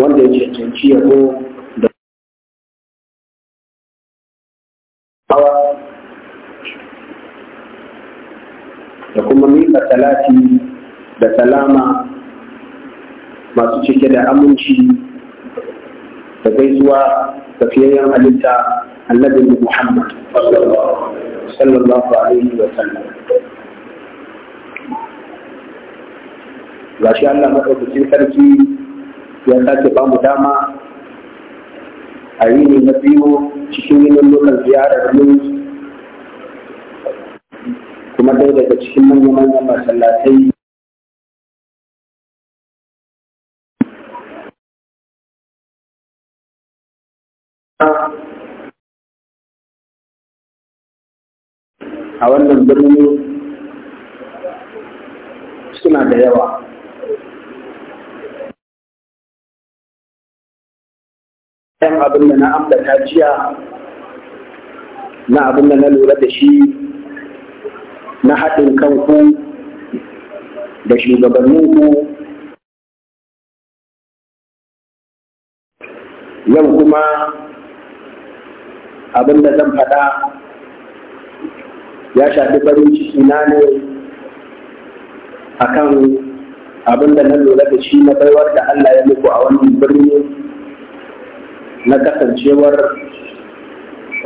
wanda ya cancanci yabo da da kuma miƙa talati da salama masu cike da aminci da gaisuwa tafiyayyen halitta annabin Muhammad sallallahu alaihi wa sallam gashi Allah madaukakin sarki ya sake bamu dama a yini na biyu cikin yinin lokacin ziyarar mu kuma ɗaya daga cikin manya-manyan masallatai a wannan birni suna da yawa abin da na ambata jiya na abin da na lura da shi na haɗin kanku da shugabanninku yau kuma abin da zan faɗa ya shafi farin ciki na ne kan abin da na lura da shi na baiwar da Allah ya muku a wannan birni na kasancewar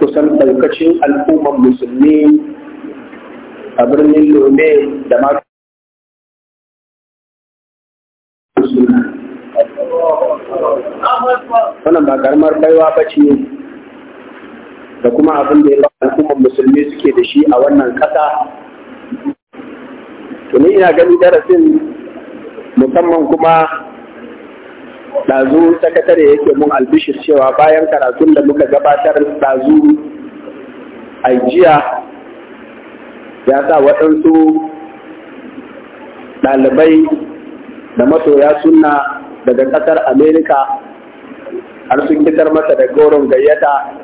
kusan daukacin al'ummar musulmi a birnin lome da ma wannan ba karamar baiwa ba ce da kuma abin da ya al'ummar musulmi suke da shi a wannan kasa tuni ina gani darasin musamman kuma ɗazu sakatare yake mun albishir cewa bayan karatun da muka gabatar ɗazu a jiya ya sa waɗansu ɗalibai da masoya suna daga ƙasar amerika har sun fitar masa da goron gayyata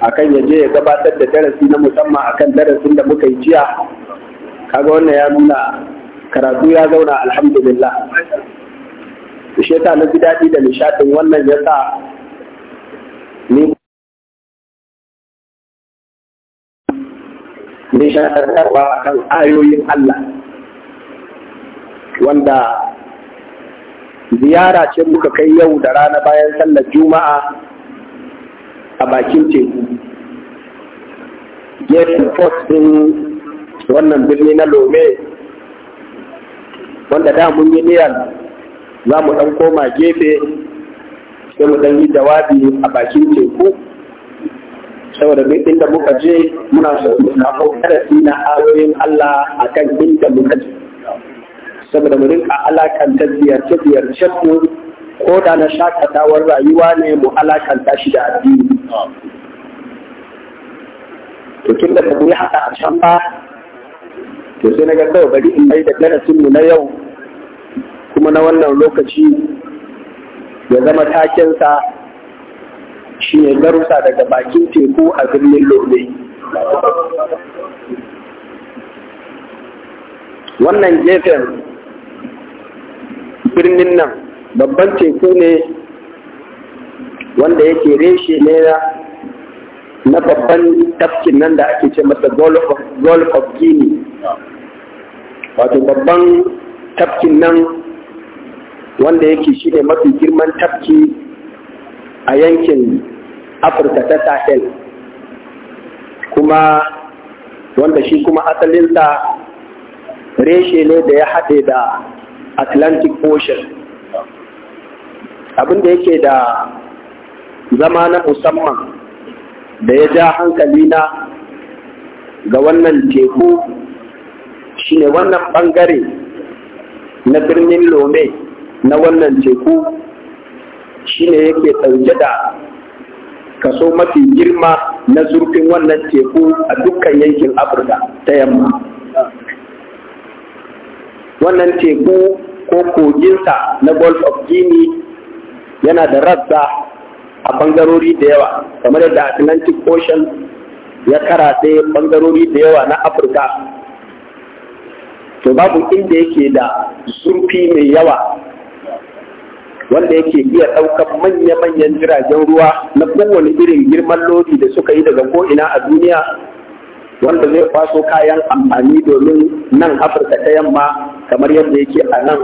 akan ya je ya gabatar da darasi na musamman akan darasin da muka yi jiya kaga wannan ya nuna karatu ya zauna alhamdulillah to ta na daɗi da nishaɗin wannan ya sa ni nishaɗarwa a kan ayoyin Allah wanda ziyara ce muka kai yau da rana bayan sallar juma'a a bakin teku gefen fos ɗin wannan birni na lome wanda da mun yi niyyar za mu ɗan koma gefe sai mu ɗan yi jawabi a bakin teku saboda duk inda muka je muna so na samu darasi na ayoyin Allah akan inda muka je saboda mu rinka alakanta ziyarce ziyarce mu ko da na shakatawar rayuwa ne mu alakanta shi da addini to kin da ka mu yi haka a can ba to sai na ga kawai bari in mai da darasin mu na yau kuma na wannan lokaci ya zama takinsa shi ne garusa daga bakin teku a birnin lobe wannan gefen birnin nan babban teku ne wanda yake reshe ne na babban tafkin nan da ake ce masa golf of guinea wato babban tafkin nan wanda yake shi ne mafi girman tafki a yankin afirka ta sahel kuma wanda shi kuma asalinsa reshe ne da ya haɗe da atlantic ocean abinda yake da zama na musamman da ya ja hankali na ga wannan teku shi ne wannan ɓangare na birnin lome na wannan teku shi ne yake ɗauke da kaso mafi girma na zurfin wannan teku a dukkan yankin afirka ta yamma wannan teku ko koginsa na gulf of guinea yana da rassa a bangarori da yawa kamar da atlantic ocean ya ɗaya bangarori da yawa na afirka to babu inda yake da zurfi mai yawa wanda yake iya ɗaukar manya-manyan jiragen ruwa na kowane irin girman lodi da suka yi daga ko'ina a duniya wanda zai kwaso kayan amfani domin nan afirka ta yamma kamar yadda yake a nan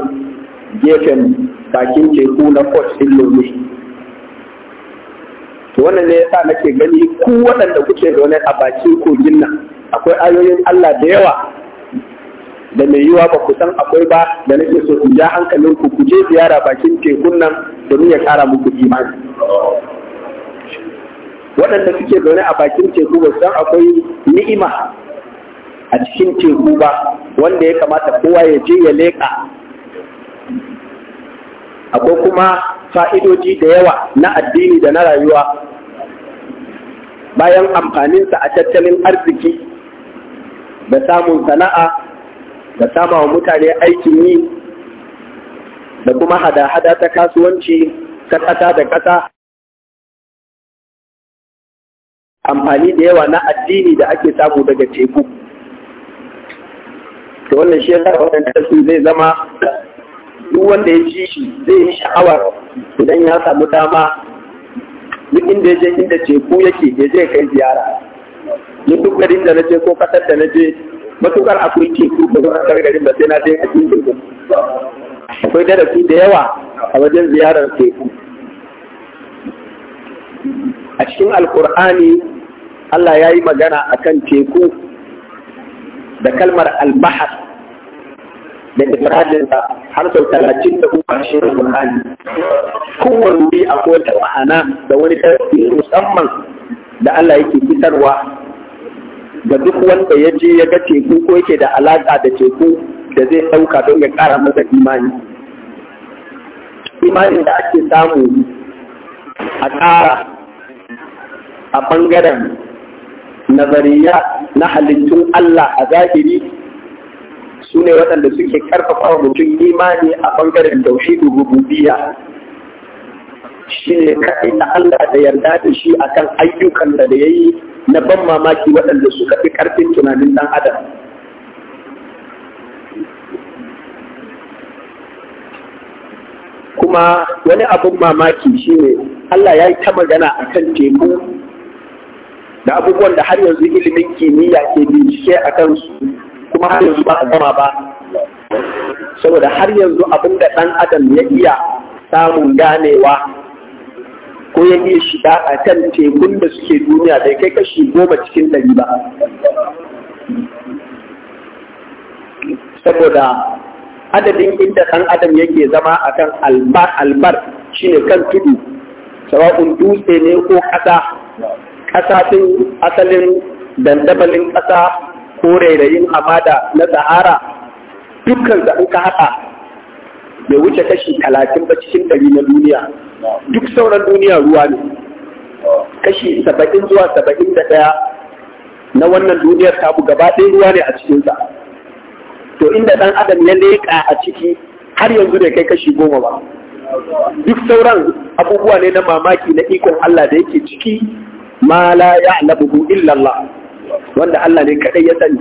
gefen bakin teku na port din lome wannan ne yasa nake gani ku waɗanda kuke zaune a bakin kogin nan akwai ayoyin allah da yawa da mai yiwa ba ku san akwai ba da nake so in ja hankalin ku ku je ziyara bakin tekun nan domin ya kara muku imani waɗanda suke zaune a bakin teku ba san akwai ni'ima a cikin teku ba wanda ya kamata kowa ya je ya leƙa akwai kuma fa'idoji da yawa na addini da na rayuwa bayan amfaninsa a tattalin arziki da samun sana'a da sama wa mutane aikin yi da kuma hada-hada ta kasuwanci ta kasa da kasa, amfani da yawa na addini da ake samu daga teku Ta wannan shi yasa wannan su zai zama duk wanda ya ci shi zai yi sha'awar idan ya samu dama duk inda ya je inda teku yake ya je kai ziyara duk garin da na je ko kasar da na je matukar akwai teku da zuwa da sai na je a cikin teku akwai darasi da yawa a wajen ziyarar teku a cikin alkur'ani Allah ya yi magana a kan teku da kalmar albahar da ifradinsa har sau talatin da kuma shi alkur'ani kowane wuri akwai wata ma'ana da wani tarihi musamman da Allah yake fitarwa ga duk wanda ya je ya ga teku ko yake da alaƙa da teku da zai ɗauka don ya ƙara masa imani. imani da ake samu a ƙara a ɓangaren nazariya na halittun Allah a zahiri su ne waɗanda suke ƙarfafa mutum imani a ɓangaren tauhidin rububiyya shi ne kaɗai na Allah da yarda da shi akan ayyukan da ya yi na ban mamaki waɗanda suka fi ƙarfin tunanin ɗan adam. Kuma wani abin mamaki shi ne Allah ya yi ta magana a kan teku da abubuwan da har yanzu ilimin kimiyya ke bincike a kansu kuma har yanzu ba a gama ba. Saboda har yanzu abin da ɗan adam ya iya samun ganewa ko ya iya shiga a kan tekun da suke duniya bai kai kashi goma cikin ɗari ba saboda adadin inda ɗan adam yake zama a kan albar albar shine kan tudu sawa'un dutse ne ko ƙasa ƙasa asalin dandamalin ƙasa ko rairayin hamada na sahara dukkan in ka haɗa bai wuce kashi talatin ba cikin ɗari na duniya duk sauran duniya ruwa ne kashi saba'in zuwa saba'in da ɗaya na wannan duniyar tabu gaba ɗaya ruwa ne a cikinsa to inda ɗan adam ya leƙa a ciki har yanzu da kai kashi goma ba duk sauran abubuwa ne na mamaki na ikon Allah da yake ciki ma la illa illallah wanda Allah ne kadai ya sani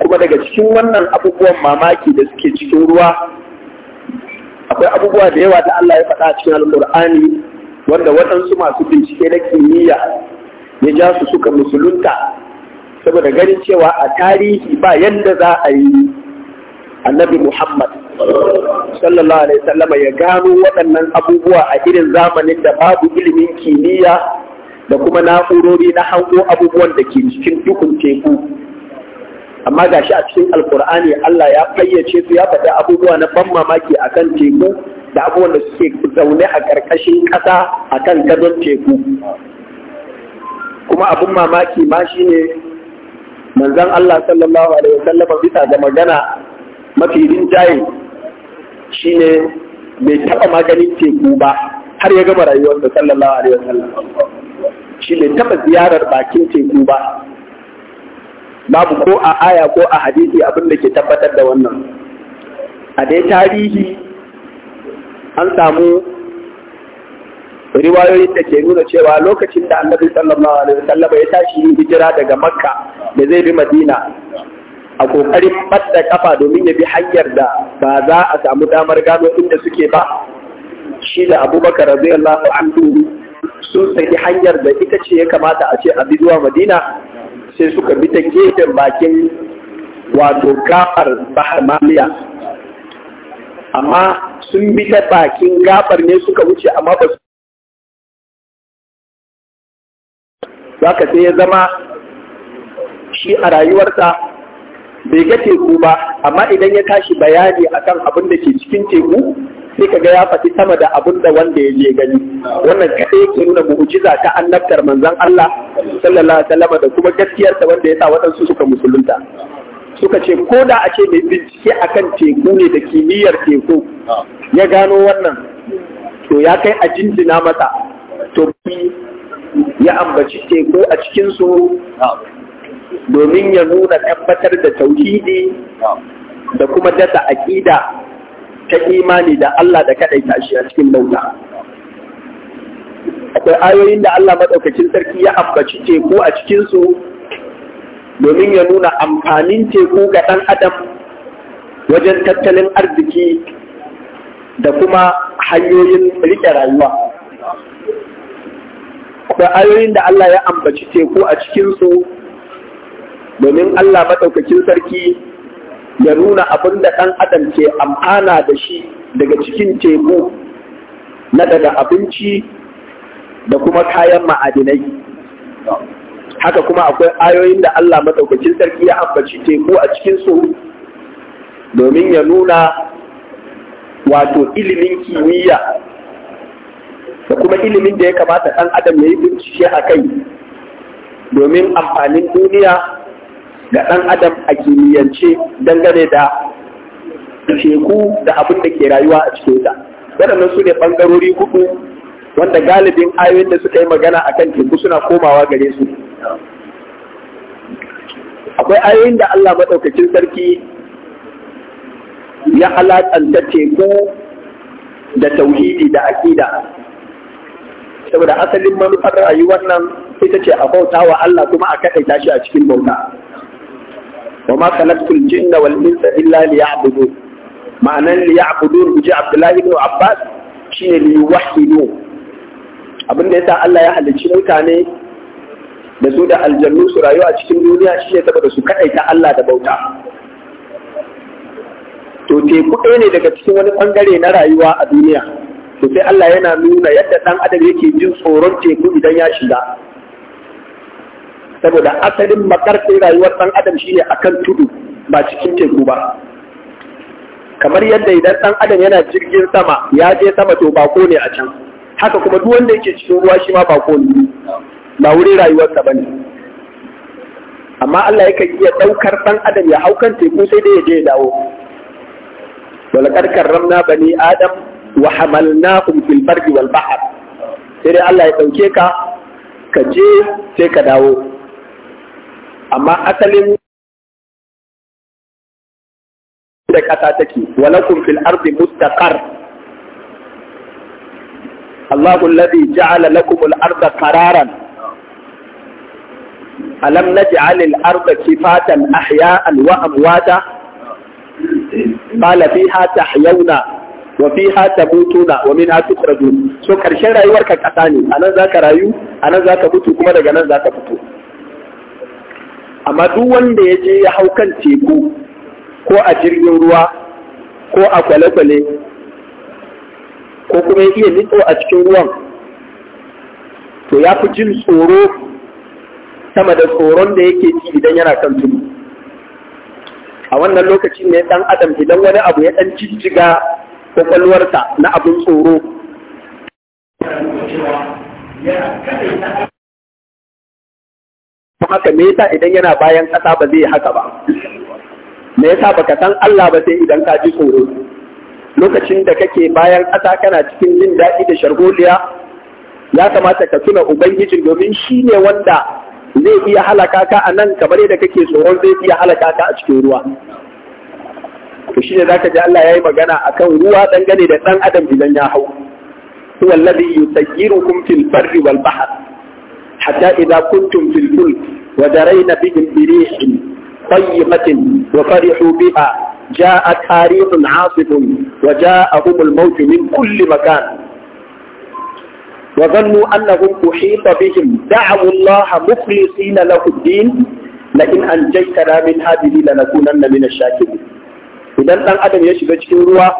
kuma daga cikin wannan abubuwan mamaki da suke cikin ruwa akwai abubuwa da yawa da Allah ya faɗa a cikin Al-Qur'ani wanda waɗansu masu bincike na kimiyya ya ja su suka musulunta saboda ganin cewa a tarihi ba yadda za a yi annabi Muhammad sallallahu alaihi sallama ya gano waɗannan abubuwa a irin zamanin da babu ilimin kimiyya da kuma na'urori na hango abubuwan da ke cikin dukun teku amma ga shi a cikin alkur'ani Allah ya fayyace su ya faɗi abubuwa na ban mamaki a kan teku da abubuwan da suke zaune a ƙarƙashin ƙasa a kan gadon teku kuma abin mamaki ma shine manzon Allah sallallahu alaihi wasallam bisa ga magana mafi rinjaye ne bai taɓa maganin teku ba har ya gama rayuwarsa sallallahu alaihi wasallam shi bai taɓa ziyarar bakin teku ba babu ko a aya ko a hadisi abin da ke tabbatar da wannan a dai tarihi an samu riwayoyin da ke nuna cewa lokacin da annabi sallallahu alaihi wasallam ya tashi yin hijira daga makka da zai bi madina a kokarin fadda kafa domin ya bi hanyar da ba za a samu damar gano inda suke ba shi da abubakar radiyallahu anhu sun saki hanyar da ita ce ya kamata a ce a bi zuwa madina sai suka bi ta gefen bakin wato gafar bahar mamiya amma sun bi ta bakin gafar ne suka wuce amma ba su za ka sai ya zama shi a rayuwarsa bai ga teku ba amma idan ya tashi bayani akan abin da ke cikin teku sai ka ga ya faɗi sama da abin da wanda ya je gani wannan kaɗai ke nuna mu'jiza ta annabtar manzon Allah sallallahu alaihi wasallam da kuma gaskiyar ta wanda ya sa waɗansu suka musulunta suka ce ko da a ce mai bincike akan teku ne da kimiyyar teku ya gano wannan to ya kai a jinjina masa to ya ambaci teku a cikin su domin ya nuna tabbatar da tauhidi da kuma dasa aƙida ta imani da Allah da ta shi a cikin bauta. Akwai ayoyin da Allah maɗaukacin sarki ya ambaci teku a cikinsu domin ya nuna amfanin teku ga ɗan adam wajen tattalin arziki da kuma hanyoyin riƙe rayuwa. Akwai ayoyin da Allah ya ambaci teku a cikinsu domin Allah maɗaukacin sarki ya nuna abin da ɗan adam ke am'ana da shi daga cikin teku na daga abinci da kuma kayan ma'adinai. Haka kuma akwai ayoyin da Allah maɗaukacin sarki ya ambaci teku a cikinsu domin ya nuna wato ilimin kimiyya da kuma ilimin da ya kamata ɗan adam ya yi bincike a kai domin amfanin duniya ga ɗan adam a kimiyyance dangane da teku da abin da ke rayuwa a cikin ta waɗannan su ne ɓangarori hudu wanda galibin ayoyin da suka yi magana a kan teku suna komawa gare su akwai ayoyin da Allah maɗaukacin sarki ya alaƙanta teku da tauhidi da aƙida saboda asalin manufar rayuwar nan ita ce a bauta wa Allah kuma a kaɗaita shi a cikin bauta wa ma khalaqtul jinna wal insa illa liya'budun ma'anan liya'budun bi Abdullahi ibn Abbas Abin da abinda yasa Allah ya halicci mutane da su da aljannu su rayu a cikin duniya shi ne saboda su kaɗaita Allah da bauta. To teku ɗaya ne daga cikin wani ɓangare na rayuwa a duniya. To sai Allah yana nuna yadda ɗan adam yake jin tsoron teku idan ya shiga. saboda asalin makarfin rayuwar ɗan adam shine akan tudu ba cikin teku ba kamar yadda idan ɗan adam yana jirgin sama ya je sama to bako ne a can haka kuma duk wanda yake cikin ruwa shi ma bako ne ba wurin rayuwarsa bane amma Allah yakan iya ɗaukar ɗan adam ya hau kan teku sai dai ya je ya dawo walaqad karramna bani adam wa hamalnahum fil barri wal bahr sai dai Allah ya ɗauke ka ka je sai ka dawo amma asalin da ƙasa take walakum fil ardi mustaqar Allahu alladhi ja'ala lakum al-arda qararan alam naj'al al-arda kifatan ahya'an wa amwata qala fiha tahyawna wa fiha tamutuna wa minha tukhrajun so karshen rayuwarka ƙasa ne anan zaka rayu anan zaka mutu kuma daga nan zaka fito amma duk wanda ya je ya hau kan teku ko a jirgin ruwa ko a kwale-kwale ko kuma ya iya nitso a cikin ruwan to ya fi jin tsoro sama da tsoron da yake ji idan yana kan tudu a wannan lokaci ne dan adam idan wani abu ya dan jijjiga kwakwalwarsa na abin tsoro yana don haka me yasa idan yana bayan ƙasa ba zai haka ba me yasa baka san Allah ba sai idan ka ji tsoro lokacin da kake bayan ƙasa kana cikin jin daɗi da sharholiya ya kamata ka tuna ubangiji domin shi ne wanda zai iya halaka ka a nan kamar yadda kake tsoron zai iya halaka ka a cikin ruwa to za zaka ji Allah ya yi magana akan ruwa dangane da ɗan adam idan ya hau huwa alladhi yusayyirukum fil barri wal bahr hatta idha kuntum fil fulk ودرينا بهم بريح طيبة وفرحوا بها جاءت حريق عاصف وجاءهم الموت من كل مكان وظنوا أنهم أحيط بهم دعوا الله مخلصين له الدين لئن أنجيتنا من هذه لنكونن من الشاكرين idan ɗan adam ya shiga cikin ruwa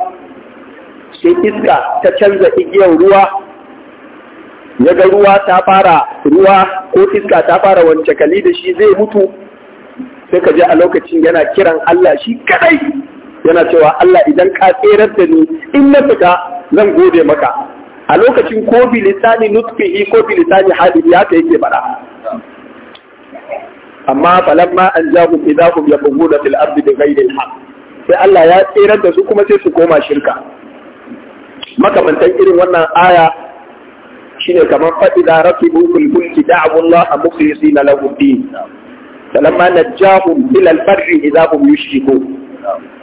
sai iska ta canza igiyar ruwa ya ga ruwa ta fara ruwa ko iska ta fara wance kali da shi zai mutu sai ka je a lokacin yana kiran Allah shi kadai yana cewa Allah idan ka tserar da ni in na fita zan gode maka a lokacin ko bilisani nutfihi ko bilisani hali ya ta yake bara amma falamma an idahum yabghuna fil ardi bighayri al-haq sai Allah ya tserar da su kuma sai su koma shirka makamantan irin wannan aya shine kamar faɗi da rakibu fil fulki da'u Allah mukhlisina lahu din falamma najjahum ila al-barri idza hum yushriku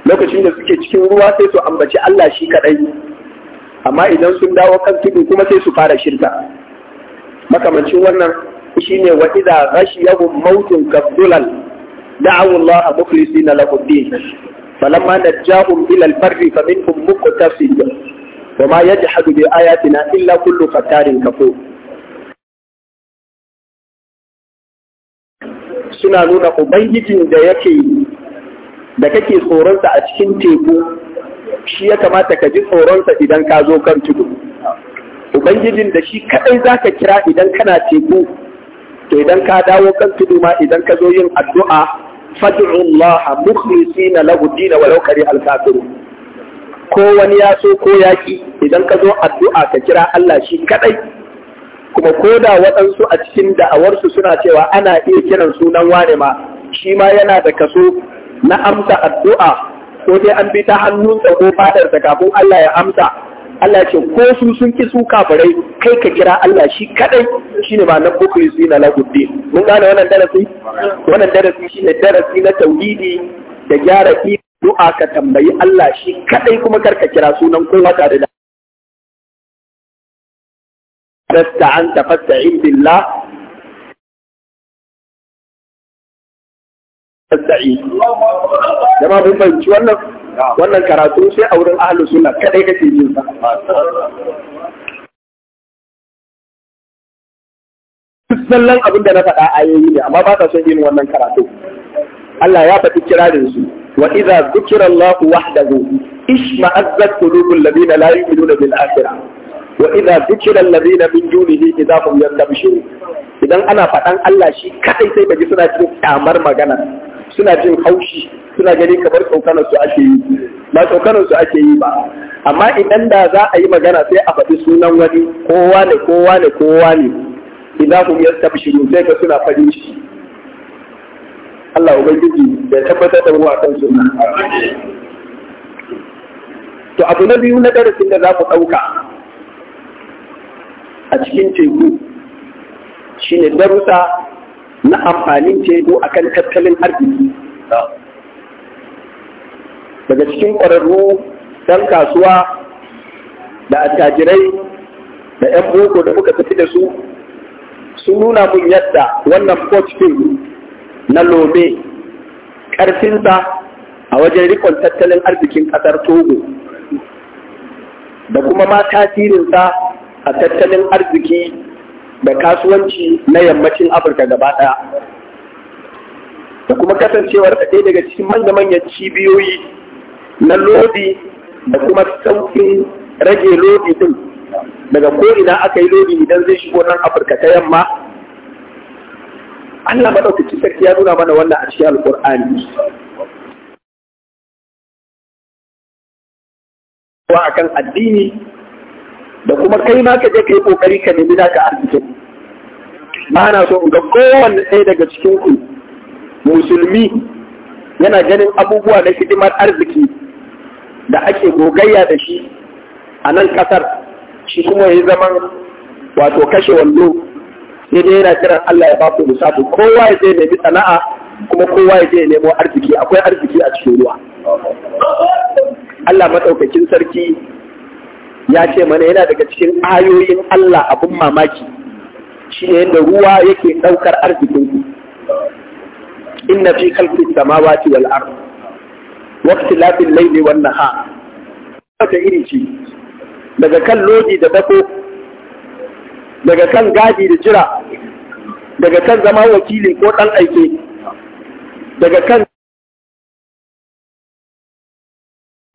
lokacin da suke cikin ruwa sai su ambaci Allah shi kadai amma idan sun dawo kan tudu kuma sai su fara shirka makamancin wannan shine wa idza ghashiyahum mautun kabdulal da'u Allah mukhlisina lahu din falamma najjahum ila al-barri faminhum muqtasid wa ma yajhadu bi ayatina illa kullu fattarin kafo. suna nuna ubangijin da yake da kake tsoronsa a cikin teku shi ya kamata ka ji tsoronsa idan ka zo kan tudu ubangijin da shi kadai zaka kira idan kana teku to idan ka dawo kan tudu ma idan ka zo yin addu'a fad'u Allah mukhlisina lahu din walau kari al-kafirun ko wani ya so ko yaƙi idan ka zo addu'a ka kira Allah shi kaɗai kuma ko da waɗansu a cikin da'awarsu suna cewa ana iya kiran sunan wane ma shi ma yana da kaso na amsa addu'a ko dai an bi ta hannunsa ko fadarsa kafin Allah ya amsa Allah ce ko su sun ki su kafirai kai ka kira Allah shi kaɗai shine ba na bukuri na laguddin mun gane wannan darasi wannan darasi shine darasi na tauhidi da gyara du'a ka tambayi Allah shi kadai kuma karka kira sunan kowa tare da an fasta'in billah fasta'i jama'a mun fahimci wannan wannan karatu sai a wurin ahlus sunna kadai kake jin sa sallan abin da na faɗa ayoyi ne amma ba ta son yin wannan karatu Allah ya faɗi kirarin su وإذا ذكر الله وحده اشمأزت قلوب الذين لا يؤمنون بالآخرة وإذا ذكر الذين من دونه إذا هم يندمشون إذا أنا فتن الله شيء كأي سيبا جسنا جنو كامر مغانا سنا جنو خوشي سنا جنو كبر سوكانا سو أشيي ما سوكانا سو أشيي با أما إذا ذا أي مغانا سي أفد سونا وني قواني قواني قواني إذا هم يستبشرون سيكا سنا فجوشي Allah ubangiji da tabbatar da ruwa akan sunna to abu na biyu na darasin da za ku ɗauka a cikin teku shine darusa na amfanin teku a kan tattalin arziki daga cikin ƙwararru ɗan kasuwa da attajirai da 'yan boko da muka tafi da su sun nuna mun yadda wannan port din na lome ƙarfinsa a wajen rikon tattalin arzikin ƙasar togo da kuma ma tasirinsa a tattalin arziki da kasuwanci na yammacin afirka gaba ɗaya da kuma kasancewar ɗaya daga cikin manya-manyan cibiyoyi na lodi da kuma sauƙin rage lodi din daga ko'ina aka yi lodi idan zai shigo nan afirka ta yamma Allah madaukakin sarki ya nuna mana wannan a cikin alqur'ani wa akan addini da kuma kai ma ka je kai kokari ka nemi ka arziki ba na so ga kowanne ɗaya daga cikin ku musulmi yana ganin abubuwa na hidimar arziki da ake gogayya da shi a nan kasar shi kuma ya zaman wato kashe wando ne dai yana kiran Allah ya ba ku kowa ya je nemi sana'a kuma kowa ya je nemo arziki akwai arziki a cikin ruwa Allah madaukakin sarki ya ce mana yana daga cikin ayoyin Allah abun mamaki shi ne yadda ruwa yake ɗaukar arzikin ku inna fi khalqi samawati wal ard wa ikhtilafil layli wan nahar iri ce daga kan lodi da dako daga kan gadi da jira daga kan zama wakili ko ɗan aike daga kan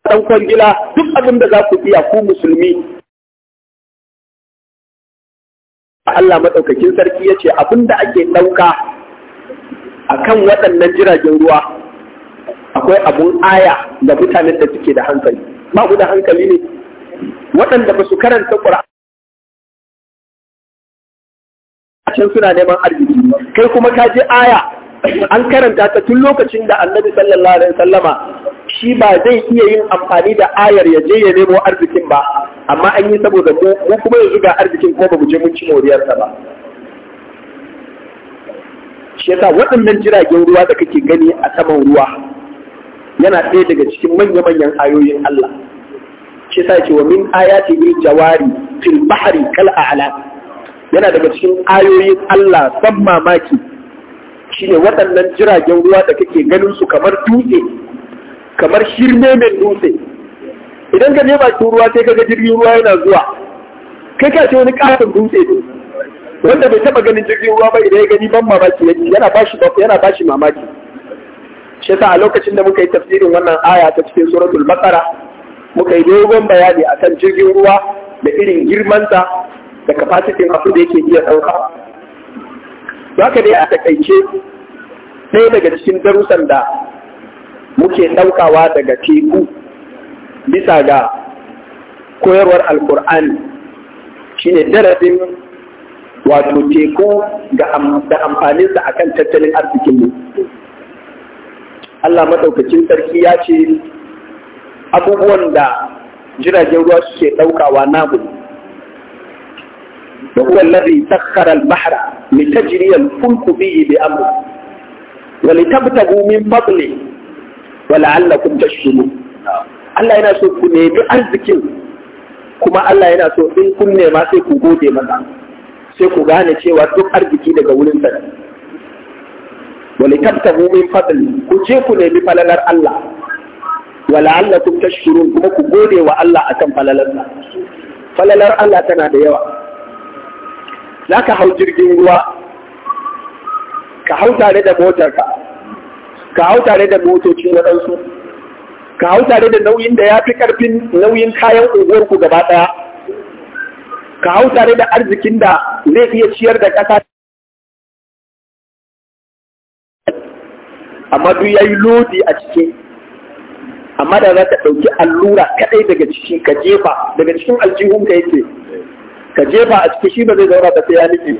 ɗan kwangila duk abin da za ku iya ku musulmi Allah maɗaukakin sarki ya ce abin da ake ɗauka akan kan waɗannan jiragen ruwa akwai abun aya da mutanen da suke da hankali ba ku da hankali ne waɗanda ba su karanta ƙura can suna neman arziki kai kuma ka ji aya an karanta ta tun lokacin da annabi sallallahu alaihi wasallama shi ba zai iya yin amfani da ayar ya je ya nemo arzikin ba amma an yi saboda mu kuma yanzu ga arzikin ko ba mu je mun ci moriyarsa ba shi yasa waɗannan jiragen ruwa da kake gani a saman ruwa yana ɗaya daga cikin manya-manyan ayoyin Allah shi yasa ce wa min ayati ne jawari fil bahri kal ala yana daga cikin ayoyin Allah san mamaki Shi ne waɗannan jiragen ruwa da kake ganin su kamar dutse kamar shirme mai dutse idan ka je bakin ruwa sai kaga jirgin ruwa yana zuwa kai ka ce wani katon dutse ne wanda bai taba ganin jirgin ruwa ba idan ya gani ban mamaki yana bashi yana bashi mamaki shi yasa a lokacin da muka yi tafsirin wannan aya ta cikin suratul baqara muka yi dogon bayani akan jirgin ruwa da irin girmansa da capacity masu da yake iya ɗauka. Ba ka dai a takaice ɗaya daga cikin darussan da muke ɗaukawa daga teku bisa ga koyarwar alkur'ani shine darasin wato teku da amfaninsa akan tattalin arzikinmu. Allah maɗaukacin sarki ya ce abubuwan da jiragen ruwa suke ɗaukawa namu وهو الذي سخر البحر لتجري الفلك به بأمره ولتبتغوا من فضله ولعلكم تشكرون Allah yana so ku nemi arzikin kuma Allah yana so in kun nema sai ku gode masa sai ku gane cewa duk arziki daga wurin sa ne wali tabtahu min fadli ku je ku nemi falalar Allah Allah kun tashkurun kuma ku gode wa Allah akan falalarsa falalar Allah tana da yawa za ka hau jirgin ruwa ka hau tare da motarka ka hau tare da motocin waɗansu ka hau tare da nauyin da ya fi ƙarfin nauyin kayan unguwarku gaba ɗaya ka hau tare da arzikin da zai iya ciyar da ƙasa amma duk ya yi lodi a cikin amma da za ka ɗauki allura kaɗai daga cikin ka jefa daga cikin aljihun ka yake ka jefa a ciki shi ba zai zauna ba sai ya nufi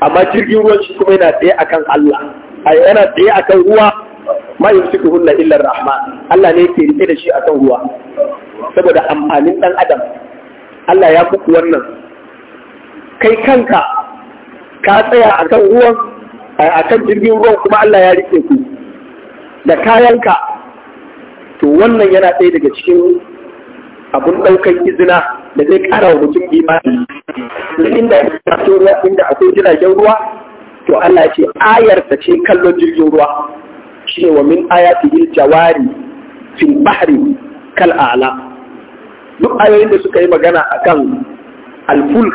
amma jirgin ruwan shi kuma yana tsaye akan Allah ai yana tsaye akan ruwa ma yumsikuhunna illa rahma. Allah ne yake rike da shi akan ruwa saboda amfanin dan adam Allah ya kuku wannan kai kanka ka tsaya akan ruwan akan jirgin ruwan kuma Allah ya rike ku da kayanka to wannan yana ɗaya daga cikin abun ɗaukar izina da zai kara wa mutum imani inda ruwa inda akwai jiragen ruwa to Allah ce ayar ta ce kallon jirgin ruwa shi wa min yin jawari fil bahri kal a'la duk ayoyin da suka yi magana akan alful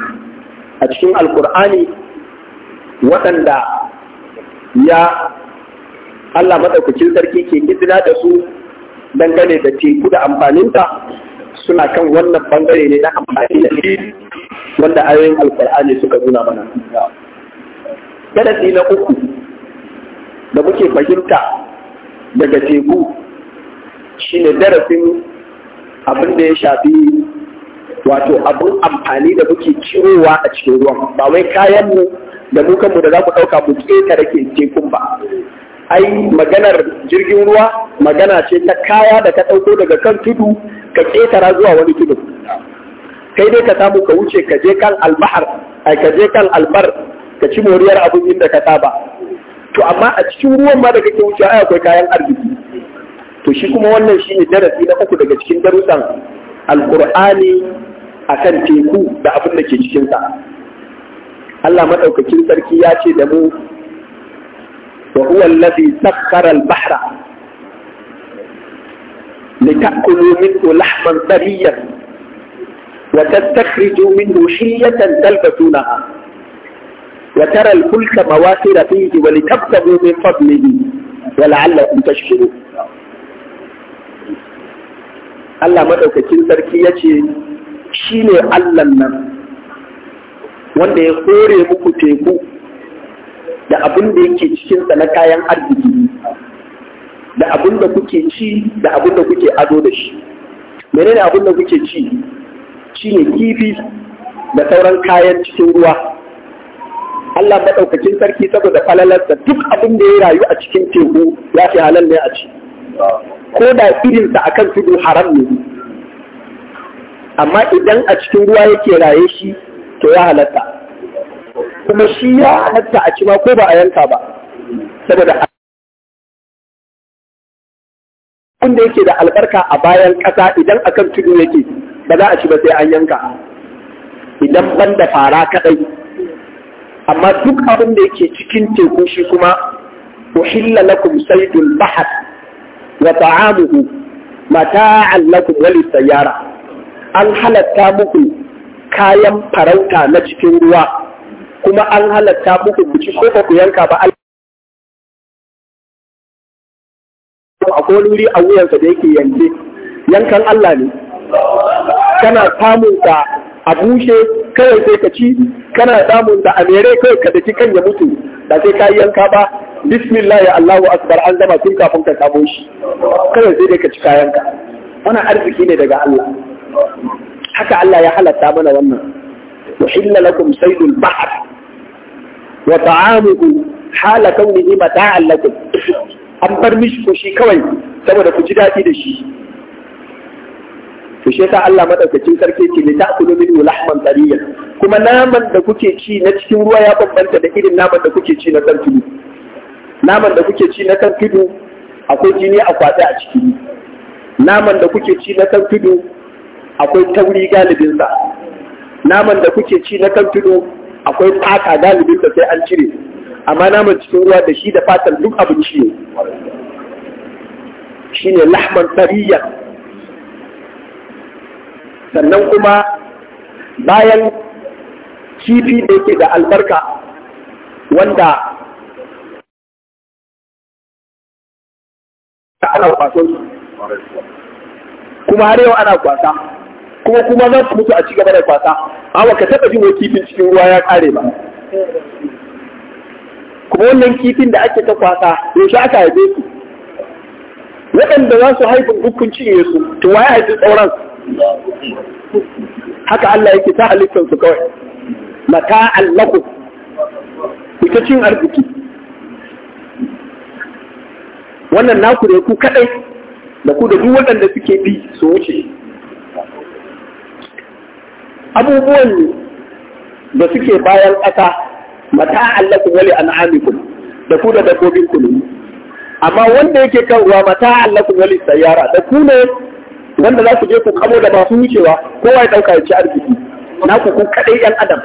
a cikin alkur'ani waɗanda ya Allah madaukakin sarki ke gizina da su dangane da teku da amfaninta suna kan wannan bangare ne na amfani da wanda ayoyin alkur'ani suka nuna mana darasi na uku da muke fahimta daga teku shine darasin abin da ya shafi wato abin amfani da muke cirowa a cikin ruwan ba wai kayan mu da mu da za mu ɗauka mu ƙetare tekun ba ai maganar jirgin ruwa magana ce ta kaya da ka ɗauko daga kan tudu ka ƙetara zuwa wani tudu kai dai ka samu ka wuce ka je kan albahar ai ka je kan albar ka ci moriyar abin inda ka saba to amma a cikin ruwan ma da kake wuce ai akwai kayan arziki to shi kuma wannan shi ne darasi na uku daga cikin darussan alkur'ani akan teku da abin da ke cikinsa Allah maɗaukakin sarki ya ce da mu وهو الذي سخر البحر لتأكلوا منه لحما طريا وتستخرجوا منه شية تلبسونها وترى الفلك مواخر فيه ولتبتغوا من فضله ولعلكم تشكرون Allah maɗaukakin sarki ya ce shi ne Allahn nan wanda ya kore muku teku da abin da yake cikinsa na kayan arziki da abin da kuke ci da abin da kuke ado da shi menene abin da kuke ci shi ne kifi da sauran kayan cikin ruwa Allah maɗaukakin sarki saboda da duk abin da ya rayu a cikin teku ya fi halal ne a ci ko da irinsa a kan tudu haram ne amma idan a cikin ruwa yake raye shi to ya halatta kuma shi ya halatta a ci ko ba a yanka ba saboda abin da yake da albarka a bayan ƙasa idan akan tudu yake ba za a ci ba sai an yanka idan ban da fara kaɗai amma duk abin da yake cikin teku shi kuma uhilla lakum saydul bahr wa ta'amuhu mata'an lakum wa lisayara an halatta muku kayan farauta na cikin ruwa kuma an halatta muku ku ci ko ku yanka ba akwai wuri a wuyansa da yake yanke yankan Allah ne kana samun ka a bushe kawai sai ka ci kana samun da a mere kawai ka daki kan ya mutu da sai ka yanka ba bismillah ya Allahu akbar an zama tun kafin ka samo shi kawai sai dai ka ci kayanka wannan arziki ne daga Allah haka Allah ya halatta mana wannan uhilla lakum saydul bahr wa ta'amukum hala kaunihi mata'an lakum an bar mishi ko shi kawai saboda ku ji daɗi da shi to shi Allah madaukakin sarki ce li ta'kulu min lahman tariya kuma naman da kuke ci na cikin ruwa ya bambanta da irin naman da kuke ci na kan tudu naman da kuke ci na kan tudu akwai jini a kwatsa a ciki naman da kuke ci na kan tudu akwai tauri galibinsa naman da kuke ci na kan tudu akwai fata galibin da sai an cire amma naman cikin ruwa da shi da fatan duk abinci ne shi ne lahman tsariya sannan kuma bayan kifi da yake da albarka wanda ana kuma har yau ana kwasa kuma kuma za su mutu a cigaba da kwasa a ka taɓa jin kifin cikin ruwa ya ƙare ba kuma wannan kifin da ake ta kwasa yaushe aka haife su waɗanda za su haifi hukunci ne su to waye haifi tsauran haka Allah yake ta halittar su kawai mata allaku ita cin arziki wannan naku da ku kadai da ku da duk waɗanda suke bi su wuce abubuwan da suke bayan ƙasa mata allaku wali amikun da ku da dabbobin ku ne amma wanda yake kan ruwa mata allaku wali sayara da ku ne wanda za ku je ku kamo da masu wucewa kowa ya ɗauka ya ci arziki na ku kun kaɗai ɗan adam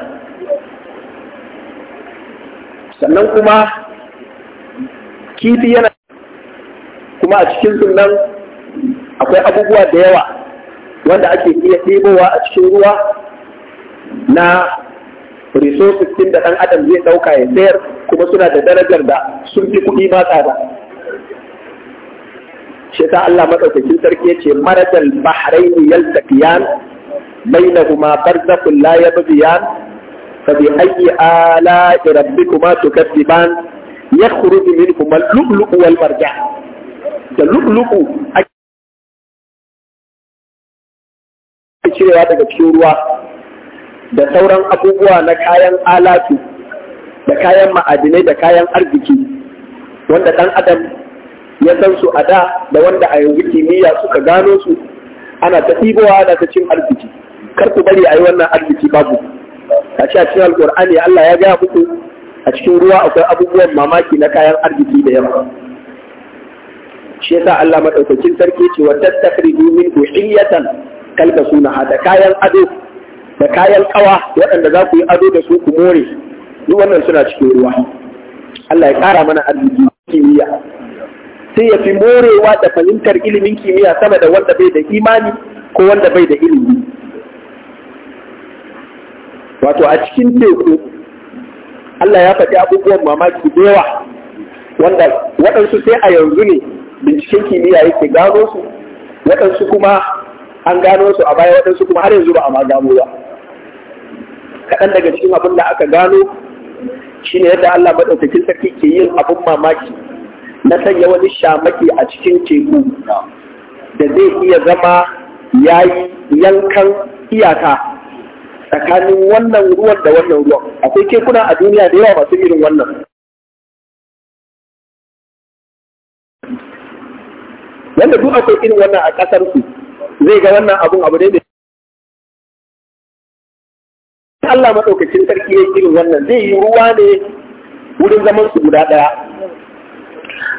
sannan kuma kifi yana kuma a cikin sunan akwai abubuwa da yawa wanda ake iya ɗebowa a cikin ruwa na resources da ɗan adam zai ɗauka ya sayar kuma suna da darajar da sun fi kuɗi ba tsada shi ta Allah madaukakin sarki ya ce marajal bahrain yaltaqiyan bainahuma barzakhun la yabghiyan fa bi ayyi ala rabbikuma tukaththiban yakhruju minhuma al-lu'lu'u wal marjan da lu'lu'u ake cirewa daga cikin ruwa da sauran abubuwa na kayan alatu da kayan ma'adinai da kayan arziki wanda ɗan adam ya san su a da da wanda a yanzu kimiyya suka gano su ana ta ɗibowa da ta cin arziki kar ku bari a yi wannan arziki babu a ce a cikin alƙur'ani Allah ya gaya muku a cikin ruwa akwai abubuwan mamaki na kayan arziki da yawa shi yasa Allah madaukakin sarki ce wa tattakhrijū min uhiyyatan suna da kayan ado da kayan kawa waɗanda za ku yi ado da su ku more duk wannan suna cikin ruwa Allah ya ƙara mana arziki kimiyya sai ya fi morewa da fahimtar ilimin kimiyya sama da wanda bai da imani ko wanda bai da ilimi wato a cikin teku Allah ya faɗi abubuwan mamaki da yawa wanda waɗansu sai a yanzu ne binciken kimiyya yake gano su waɗansu kuma an gano su a baya waɗansu kuma har yanzu ba a ma gano ba kaɗan daga cikin abin da aka gano shi ne yadda Allah maɗaukakin sarki ke yin abin mamaki na sanya wani shamaki a cikin teku da zai iya zama ya yi yankan iyaka tsakanin wannan ruwan da wannan ruwan akwai tekuna a duniya da yawa masu irin wannan wanda duk akwai irin wannan a ƙasar su zai ga wannan abun abu ne da Allah maɗaukacin sarki ya irin wannan zai yi ruwa ne wurin zaman su guda ɗaya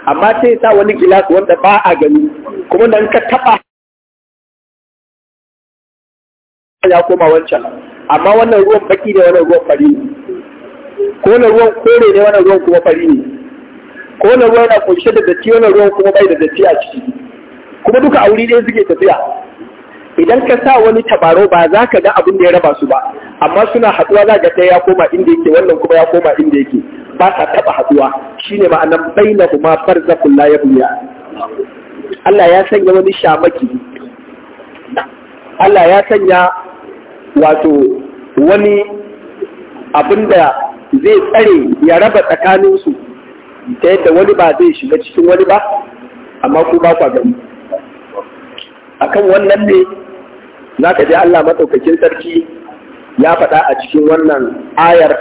amma sai sa wani gilas wanda ba a gani kuma nan ka taɓa ya koma wancan amma wannan ruwan baki ne wannan ruwan fari ne ko wannan ruwan kore ne wannan ruwan kuma fari ne ko wannan ruwan yana kunshe da datti wannan ruwan kuma bai da datti a ciki kuma duka a wuri ɗaya suke tafiya idan ka sa wani tabaro ba za ka ga abin da ya raba su ba amma suna haɗuwa za ga ta ya koma inda yake wannan kuma ya koma inda yake ba sa taɓa haɗuwa shine ma'anar baina kuma barzakun ya buya Allah ya sanya wani shamaki Allah ya sanya wato wani abin da zai tsare ya raba tsakaninsu ta yadda wani ba zai shiga cikin wani ba amma ku ba kwa gani akan wannan ne za ka ji Allah matsaukakin sarki ya faɗa a cikin wannan ayar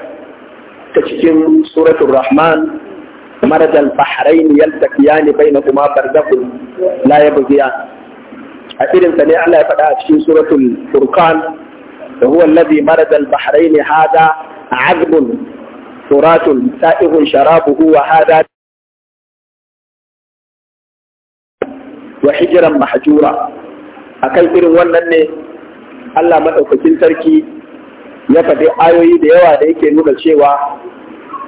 ta cikin suratul rahman marajal bahrain yaltaqiyani kuma barzakhun la yabghiyan a irin ne Allah ya faɗa a cikin suratul furqan wa huwa alladhi marajal bahrain hada azbun turatun sa'ihun sharabuhu wa hada wa hijran mahjura akan irin wannan ne Allah maɗaukakin sarki ya faɗi ayoyi da yawa da yake nuna cewa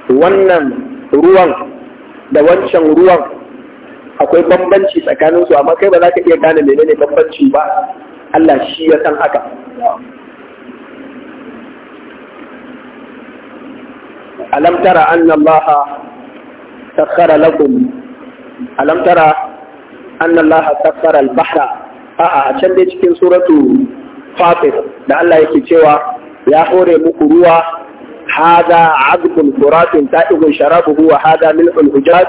wannan ruwan da wancan ruwan akwai bambanci tsakanin su amma kai ba za ka iya gane menene bambanci ba Allah shi ya san haka alam tara anna Allah sakhara lakum alam tara anna Allah sakhara al-bahra a'a a can dai cikin suratu fatir da Allah yake cewa ya hore muku ruwa hada azbun furatun ta'igun sharabuhu wa hada milhul hujaj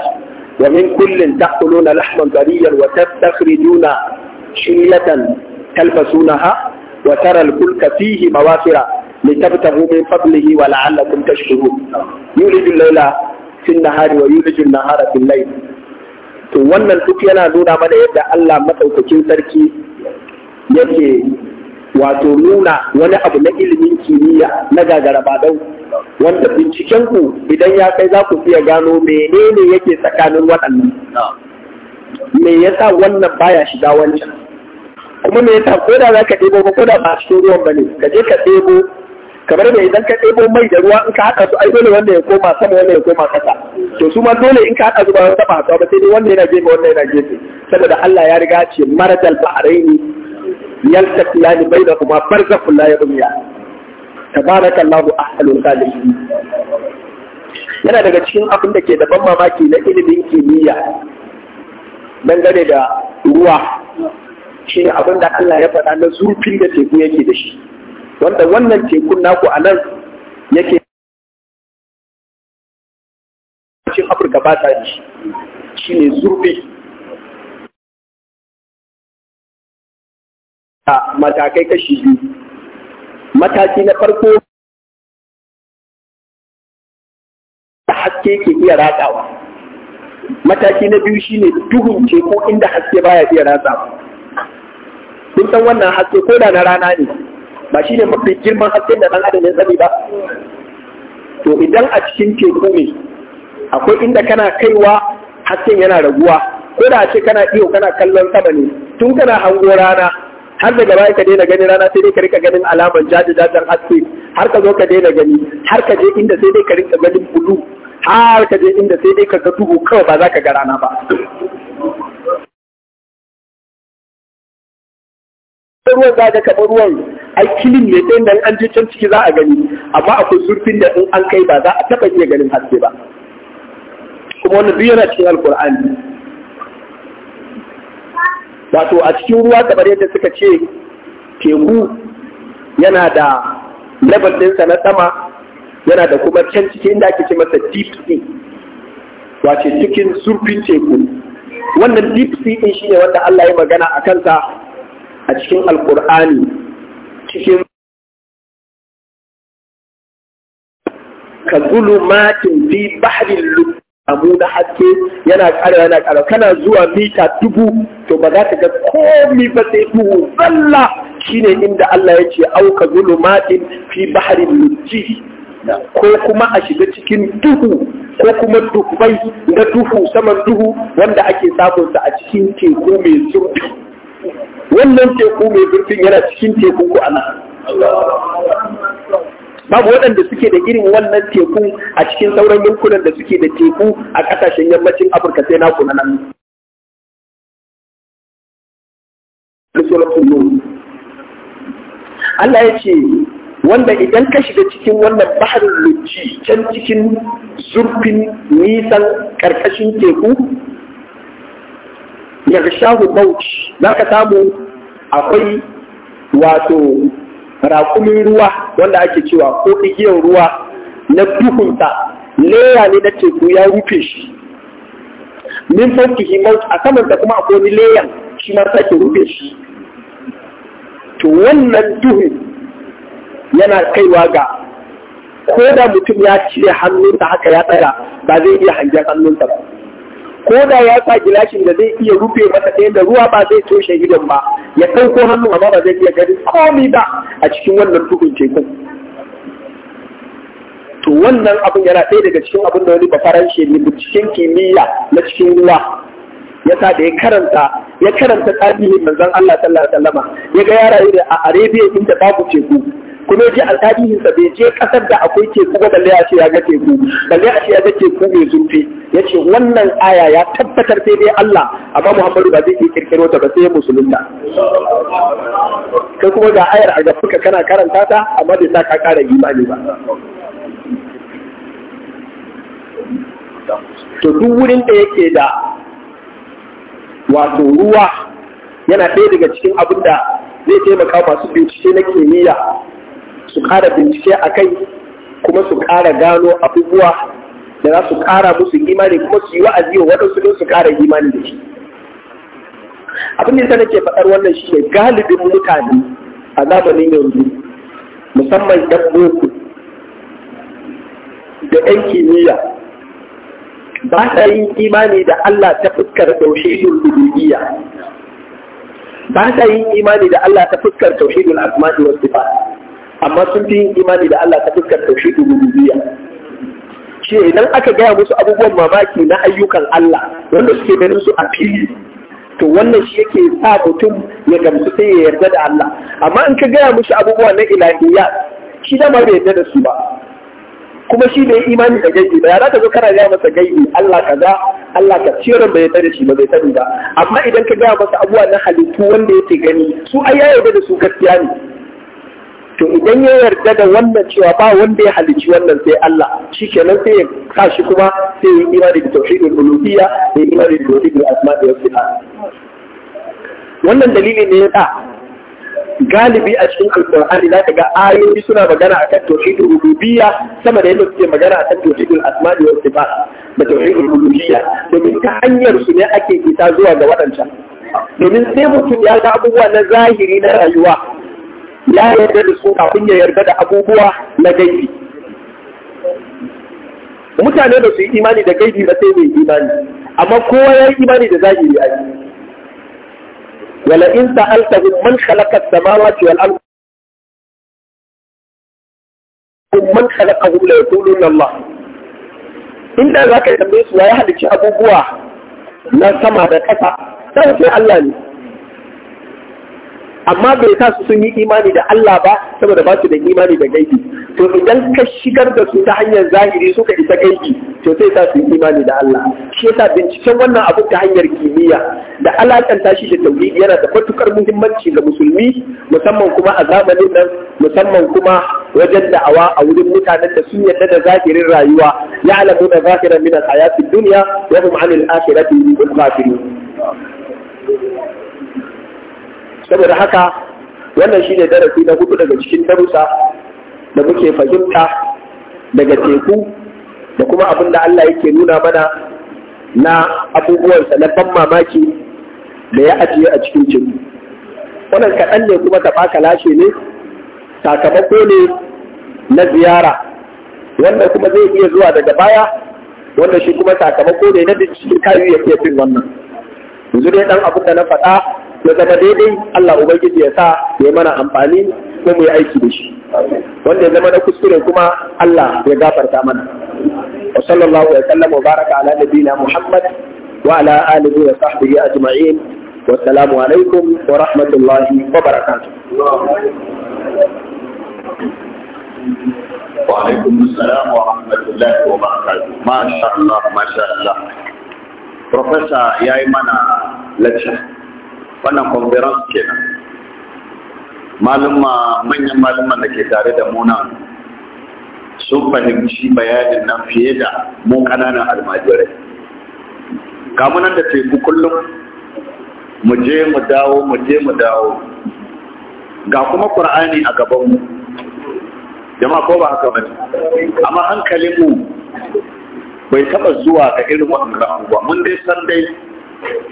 wa min kullin ta'kuluna lahman tariyan wa tastakhrijuna shilatan talbasunaha wa tara al-fulka fihi mawasira litabtaghu min fadlihi wa la'allakum tashkurun yuliju al-layla fi an-nahari wa yuliju an-nahara fi al-layl to wannan duk yana nuna mana yadda Allah maɗaukakin sarki yake wato nuna wani abu na ilimin kimiyya na gagarabadau wanda bincikenku idan ya kai za ku iya gano menene yake tsakanin waɗannan me yasa wannan baya shiga wancan kuma me yasa ko da za ka ɗebo ba koda ba cikin ruwan ba ne ka je ka ɗebo kamar da idan ka ɗebo mai da ruwa in ka haɗa su ai dole wanda ya koma sama wanda ya koma ƙasa to su ma dole in ka haɗa su ba wanda ba ba sai dai wanda yana gefe wanda yana gefe saboda Allah ya riga ce maradal ba'raini yaltaqiyani bainakuma barzakhun la a tabarakallahu ahsanul khaliqin yana daga cikin abin da ke da ban mamaki na ilimin kimiyya dangane da ruwa shi abin da Allah ya faɗa na zurfin da teku yake da shi wanda wannan tekun naku a nan yake cikin afirka ba ta da shi shi ne zurfi a matakai kashi biyu mataki na farko da haske ke iya ratsawa mataki na biyu shine duhun teku inda haske baya iya ratsawa kun san wannan haske ko da na rana ne ba shi ne mafi girman hasken da ɗan adam ya sani ba to idan a cikin teku ne akwai inda kana kaiwa hasken yana raguwa ko da ce kana iyo kana kallon sama ne tun kana hango rana har daga baya ka daina ganin rana sai dai ka rika ganin alamar jajajajen haske har ka zo ka daina gani har ka je inda sai dai ka rika ganin bulu har ka je inda sai dai ka ga duhu kawai ba za ka ga rana ba ruwan za ka ruwan ai kilin ne nan an je can ciki za a gani amma akwai surfin da in an kai ba za a taɓa iya ganin haske ba kuma wannan duk yana cikin alkur'ani wato a cikin ruwa kamar yadda suka ce teku yana da level ɗinsa na sama yana da kuma can ciki inda ake ce masa deep sea wace cikin zurfin teku wannan deep sea ɗin shine wanda Allah ya magana a kansa a cikin alkur'ani cikin ka zulumatin fi bahrin lu abu na haske yana ƙara yana ƙara kana zuwa mita dubu to ba za ka ga komi ba sai duhu zalla shine inda Allah ya ce au ka zulu matin fi bahrin lujji ko kuma a shiga cikin duhu ko kuma dubai na duhu saman duhu wanda ake sa a cikin teku mai zurfi wannan teku mai zurfin yana cikin tekun ku ana babu waɗanda suke da irin wannan teku a cikin sauran yankunan da suke da teku a ƙasashen yammacin afirka sai naku na nan Allah ya ce wanda idan ka shiga cikin wannan baharin lucci can cikin zurfin nisan ƙarƙashin teku yarshahu Bauchi, za ka samu akwai wato rakumin ruwa wanda ake cewa ko igiyar ruwa na duhunta leya ne na teku ya rufe shi min faukihi maut a da kuma akwai leyan shi ma sake rufe shi to wannan duhun yana kaiwa ga ko da mutum ya cire hannunta haka ya tsaya ba zai iya hangen hannunsa ba ko da ya sa gilashin da zai iya rufe masa ɗaya da ruwa ba zai toshe gidan ba ya ɗauko hannu amma ba zai iya gani komi ba a cikin wannan tukun tekun to wannan abin yana ɗaya daga cikin abin da wani bafaranshe ne cikin kimiyya na cikin ruwa ya sa da ya karanta ya karanta tarihin manzon Allah sallallahu alaihi ya ga yara rayu da a Arabia inda babu teku kuma ji al'adihinsa bai je kasar da akwai teku ba balle a ce ya ga teku balle a ce ya ga teku mai zurfi ya ce wannan aya ya tabbatar sai dai Allah amma Muhammadu ba zai iya kirkiro ta ba sai musulunta kai kuma ga ayar a gafuka kana karanta ta amma bai sa ka kara imani ba to duk wurin da yake da wato ruwa yana ɗaya daga cikin abin da zai taimaka masu bincike na kimiyya su ƙara bincike a kai kuma su ƙara gano abubuwa da za su ƙara musu imani kuma su yi wa'azi wa waɗansu don su ƙara imani da shi abin da ke faɗar wannan shi ne galibin mutane a zamanin yanzu musamman ɗan boko da ɗan kimiyya ba sa yin imani da Allah ta fuskar tauhidul rububiyya ba sa yin imani da Allah ta fuskar tauhidul asma'i was sifat amma sun fi yin imani da Allah ta fuskar da rububiyya shi idan aka gaya musu abubuwan mamaki na ayyukan Allah wanda suke ganin su a fili to wannan shi yake sa mutum ya gamsu sai ya yarda da Allah amma in ka gaya musu abubuwa na ilahiyya shi da ma bai yarda da su ba kuma shi bai imani da gaibi ba ya za ka zo kana gaya masa gaibi Allah kaza Allah ka ciran bai yarda da shi ba bai sani ba amma idan ka gaya masa abubuwa na halittu wanda yake gani su ai ya yarda da su gaskiya ne to idan ya yarda da wannan cewa ba wanda ya halicci wannan sai Allah shi kenan sai ya sa shi kuma sai ya yi imani da tauhidul uluhiyya da imani da tauhidul asma da sifat wannan dalilin ne ya sa galibi a cikin alkur'ani za ka ga ayoyi suna magana akan tauhidul rububiyya sama da yadda suke magana akan tauhidul asma'i da sifat da tauhidul uluhiyya domin ta hanyar su ne ake isa zuwa ga waɗancan domin sai mutum ya ga abubuwa na zahiri na rayuwa ya yarda da su kafin ya yarda da abubuwa na gaibi mutane da su yi imani da gaibi ba sai mai imani amma kowa ya yi imani da zahiri a yi wala in sa'alta man khalaqa as-samawati wal ardh man khalaqahum la yaquluna Allah inda zaka tambaye su ya halicci abubuwa na sama da ƙasa sai Allah ne amma bai sa su sun yi imani da Allah ba saboda ba su da imani da gaibi to idan ka shigar da su ta hanyar zahiri suka isa gaibi to sai sa su yi imani da Allah shi yasa binciken wannan abu ta hanyar kimiyya da alakanta shi da tauhidi yana da matukar muhimmanci ga musulmi musamman kuma a zamanin nan musamman kuma wajen da'awa a wurin mutanen da sun yarda da zahirin rayuwa ya alamu da zahiran min al-hayati dunya wa hum 'anil akhirati saboda haka wannan shi ne darasi na hudu daga cikin darussa da muke fahimta daga teku da kuma abin da Allah yake nuna mana na abubuwansa na ban mamaki da ya ajiye a cikin teku wannan kaɗan ne kuma taɓa lashe ne sakamako ne na ziyara Wannan kuma zai iya zuwa daga baya wannan shi kuma sakamako ne na cikin kayu ya ke fin wannan yanzu dai ɗan abin da na faɗa ya zama daidai Allah ubangiji ya sa ya mana amfani ko mu yi aiki da shi wanda ya zama na kuskure kuma Allah ya gafarta mana wa sallallahu wa sallam wa baraka ala nabiyina Muhammad wa ala alihi wa sahbihi ajma'in wa assalamu alaikum wa rahmatullahi wa barakatuh wa alaikum assalam wa rahmatullahi wa barakatuh ma sha Allah ma sha Allah professor yayi mana lecture wannan conference kenan malumma manyan malumman da ke tare da muna sun fahimci bayanin nan fiye da mu kananan almajirai kamunan da teku kullum mu je mu dawo mu je mu dawo ga kuma ƙur'ani a gabanmu jama'a ko ba haka bane amma hankalinmu bai taɓa zuwa ga irin waɗannan abubuwa mun dai san dai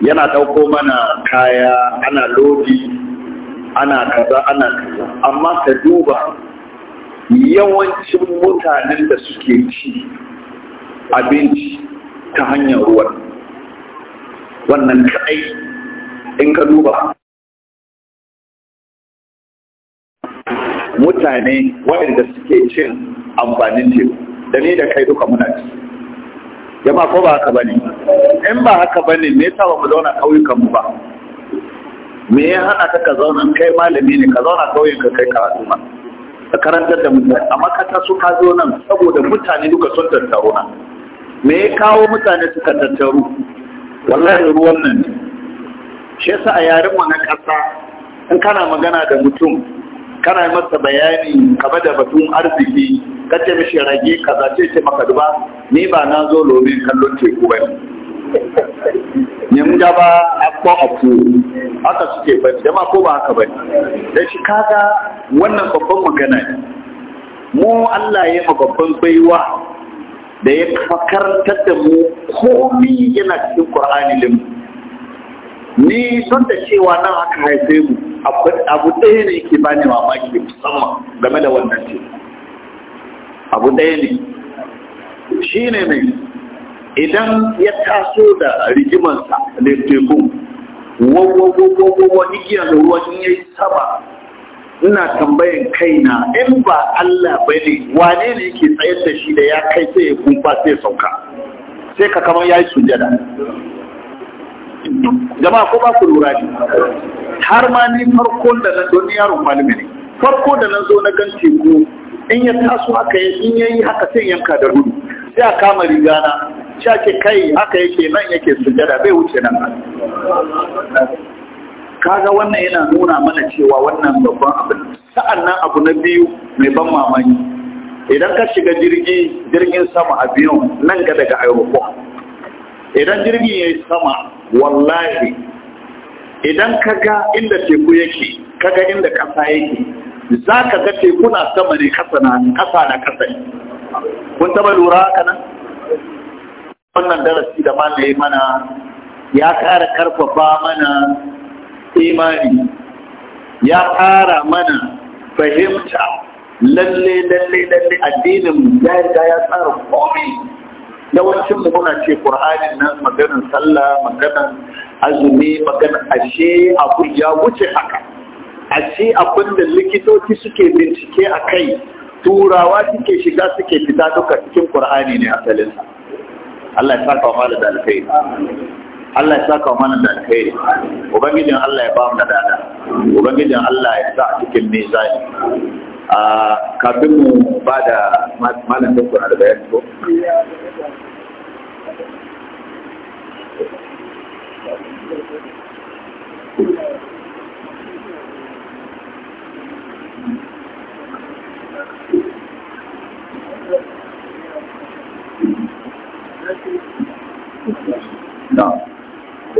yana ɗauko mana kaya ana lodi ana kaza ana kaza amma ka duba yawancin mutanen da suke ci abinci ta hanyar ruwan wannan kaɗai in ka duba mutane waɗanda suke cin amfanin jiru da ne da kai duka muna ci jama'a ko ba haka bane in ba haka bane me yasa ba mu zauna ƙauyukan mu ba me ya hana ka ka zauna kai malami ne ka zauna ƙauyen ka kai karatu ma ka karantar da mutane amma ka taso ka zo nan saboda mutane duka sun tattaro na me ya kawo mutane suka tattaru wallahi ruwan nan shi yasa a yarin mu na ƙasa in kana magana da mutum kana masa bayani game da batun arziki ka ce mishi rage kaza ce ce maka duba ni ba na zo domin kallon teku ba mun gaba akwa abu haka suke ba jama ko ba haka ba da shi kaga wannan babban magana ne mu Allah ya ma babban baiwa da ya karantar da mu komi yana cikin Qur'ani limu ni son da cewa nan aka haife mu abu ɗaya ne yake bani mamaki musamman game da wannan ce abu ɗaya ne shi ne mai idan ya taso da rigimansa da teku wawawawawa igiyar ruwan ya yi sama ina tambayan kaina in ba Allah ba ne wane yake tsayar da shi da ya kai sai ya kumfa sai sauka sai ka kamar ya yi sujada Gama ko ba ku lura ne har ma ni farko da na ni yaron malami ne farko da na zo na gan teku in ya taso haka in yayi haka sai yanka da rudu sai a kama riga rigana shake kai haka yake nan yake sujada bai wuce nan kaga wannan yana nuna mana cewa wannan babban abin sa'annan abu na biyu mai ban mamaki idan ka shiga jirgi jirgin sama a biyun nan ga daga aeroport idan jirgin ya yi sama wallahi idan ka ga inda teku yake ka ga inda ƙasa yake za ka ga teku na sama ne ƙasa na ƙasa kun taɓa lura haka nan wannan darasi da yi mana ya ƙara ƙarfafa mana imani ya ƙara mana fahimta lalle lalle lalle addinin ya riga ya tsara komai yawancin mu muna ce qur'anin nan maganar sallah maganar azumi maganar ashe abu ya wuce haka ashe abin da likitoci suke bincike a kai turawa suke shiga suke fita duka cikin qur'ani ne asalinsa Allah ya saka mana da alkhairi Allah ya saka mana da alkhairi ubangijin Allah ya ba mu da dada ubangijin Allah ya sa a cikin mizani a kafin mu ba da malamin kuna da bayani ko na ya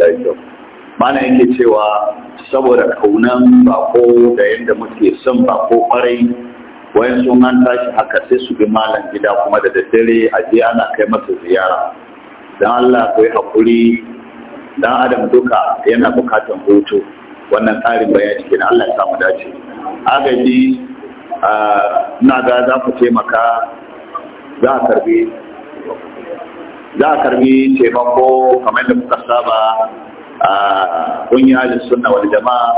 yi kyau mana yake cewa saboda kaunan bako da yadda muke son bako kwarai wayan sun an tashi haka sai su bi malam gida kuma da daddare a je ana kai masa ziyara dan Allah kai hakuri dan adam duka yana bukatan hutu wannan tsarin bayani kenan Allah ya samu dace agaji na ga za ku taimaka za a karbi za a karbi taimako kamar da kuka saba a kungiyar suna wani jama'a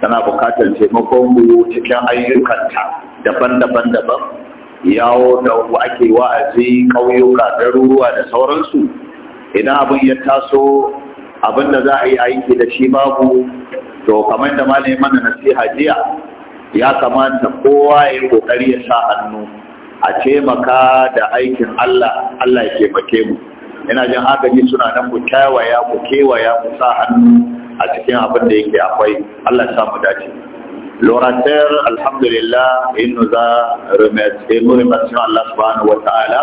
tana bukatar taimakon mu cikin ayyukanta daban-daban daban yawo da ake wa'azi ƙauyuka garuruwa da sauransu idan abin ya taso abin da za a yi aiki da shi babu to kamar da malai mana nasiha jiya ya kamata kowa ya yi kokari ya sa hannu a taimaka da aikin Allah Allah ya taimake mu ina jin agaji suna nan ku kewaya ku kewaya ku sa hannu a cikin abin da yake akwai Allah ya samu dace lorater alhamdulillah za Allah subhanahu wa ta'ala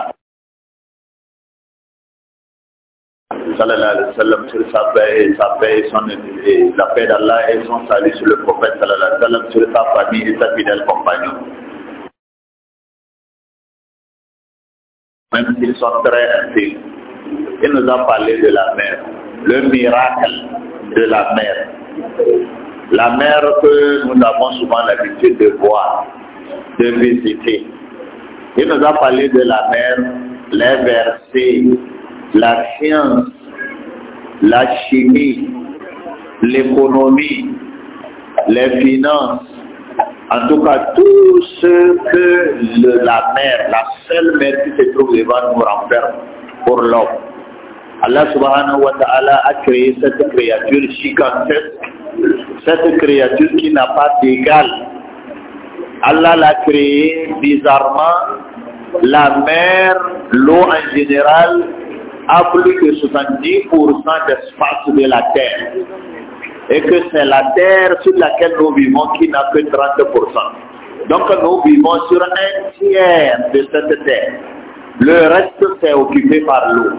sallallahu sa paix sa la paix d'Allah et eh, son sur le prophète sallallahu alayhi wa sa et fidèle compagnon même s'ils sont très il nous a parlé de la mer, le miracle de la mer. La mer que nous avons souvent l'habitude de voir, de visiter. Il nous a parlé de la mer, les versets, la science, la chimie, l'économie, les finances, en tout cas tout ce que la mer, la seule mer qui se trouve devant nous renferme pour l'homme. Allah subhanahu wa ta'ala a créé cette créature gigantesque, cette créature qui n'a pas d'égal. Allah l'a créée bizarrement. La mer, l'eau en général, a plus que 70% d'espace de la terre. Et que c'est la terre sur laquelle nous vivons qui n'a que 30%. Donc nous vivons sur un tiers de cette terre. Le reste, c'est occupé par l'eau.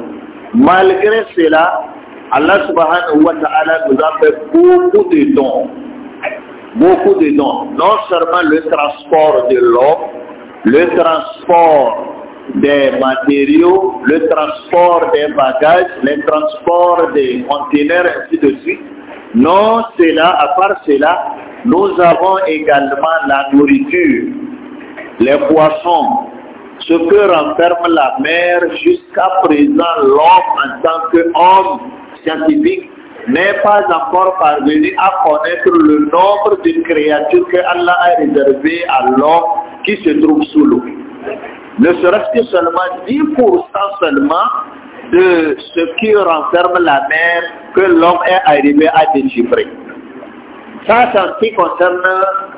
Malgré cela, Allah subhanahu wa ta'ala nous a fait beaucoup de dons. Beaucoup de dons. Non seulement le transport de l'eau, le transport des matériaux, le transport des bagages, le transport des conteneurs, ainsi de suite. Non, cela, à part cela, nous avons également la nourriture, les poissons, ce que renferme la mer jusqu'à présent l'homme en tant qu'homme scientifique n'est pas encore parvenu à connaître le nombre de créatures que Allah a réservées à l'homme qui se trouve sous l'eau. Ne serait-ce que seulement 10% seulement de ce qui renferme la mer que l'homme est arrivé à déchiffrer. Ça, c'est en ce qui concerne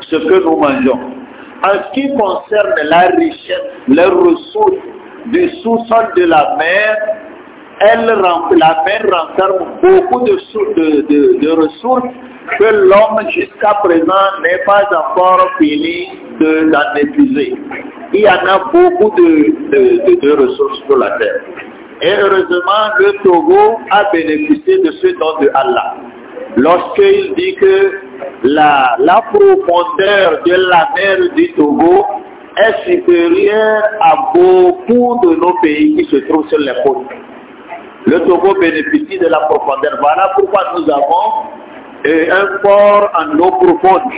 ce que nous mangeons en ce qui concerne la richesse, les ressources du sous-sol de la mer, la mer renferme beaucoup de, ressources que l'homme jusqu'à présent n'est pas encore fini d'en épuiser. Il y en a beaucoup de, ressources sur la terre. Et heureusement, le Togo a bénéficié de ce don de Allah. Lorsqu'il dit que la, profondeur de la mer du Togo est supérieure à beaucoup de nos pays qui se trouvent sur les côtes. Le Togo bénéficie de la profondeur. Voilà pourquoi nous avons euh, un port en eau profonde.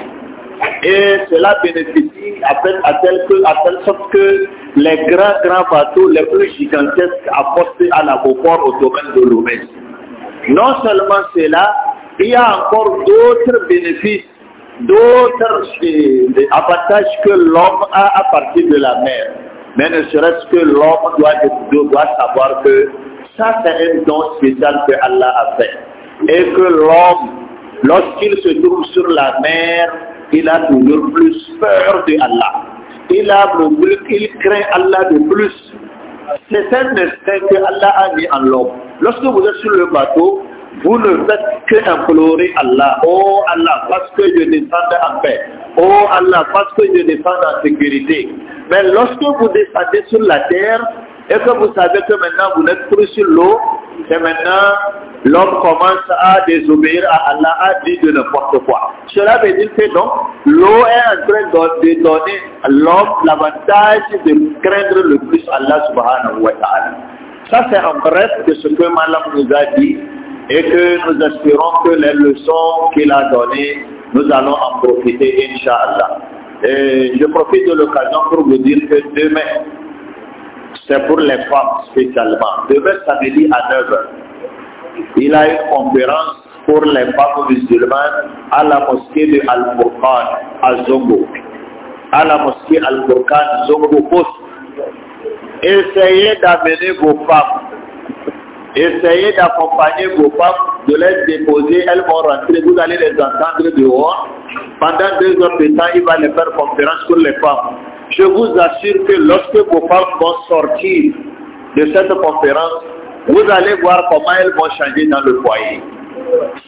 Et cela bénéficie à, tel que, à telle sorte que les grands, grands bateaux les plus gigantesques apportent à l'aéroport au domaine de l'ouest. Non seulement cela, il y a encore d'autres bénéfices, d'autres avantages que l'homme a à partir de la mer. Mais ne serait-ce que l'homme doit, savoir que ça, c'est un don spécial que Allah a fait. Et que l'homme, lorsqu'il se trouve sur la mer, il a toujours plus peur de Allah. Il, a, il craint Allah de plus. C'est un instinct que Allah a mis en l'homme. Lorsque vous êtes sur le bateau, vous ne faites que implorer Allah. Oh Allah, parce que je descends en paix. Oh Allah, parce que je descends en sécurité. Mais lorsque vous descendez sur la terre et que vous savez que maintenant vous n'êtes plus sur l'eau, c'est maintenant l'homme commence à désobéir à Allah, à dire de n'importe quoi. Cela veut dire que donc l'eau est en train de donner à l'homme l'avantage de craindre le plus Allah subhanahu wa ta'ala. Ça c'est en bref de ce que Malam nous a dit et que nous espérons que les leçons qu'il a données, nous allons en profiter, Inch'Allah. Et je profite de l'occasion pour vous dire que demain, c'est pour les femmes spécialement. Demain samedi à 9h, il a une conférence pour les femmes musulmanes à la mosquée de Al-Furqan à Zongo. À la mosquée al kokan Zongo Essayez d'amener vos femmes Essayez d'accompagner vos femmes, de les déposer, elles vont rentrer, vous allez les entendre dehors. Pendant deux heures de temps, il va les faire conférence pour les femmes. Je vous assure que lorsque vos femmes vont sortir de cette conférence, vous allez voir comment elles vont changer dans le foyer.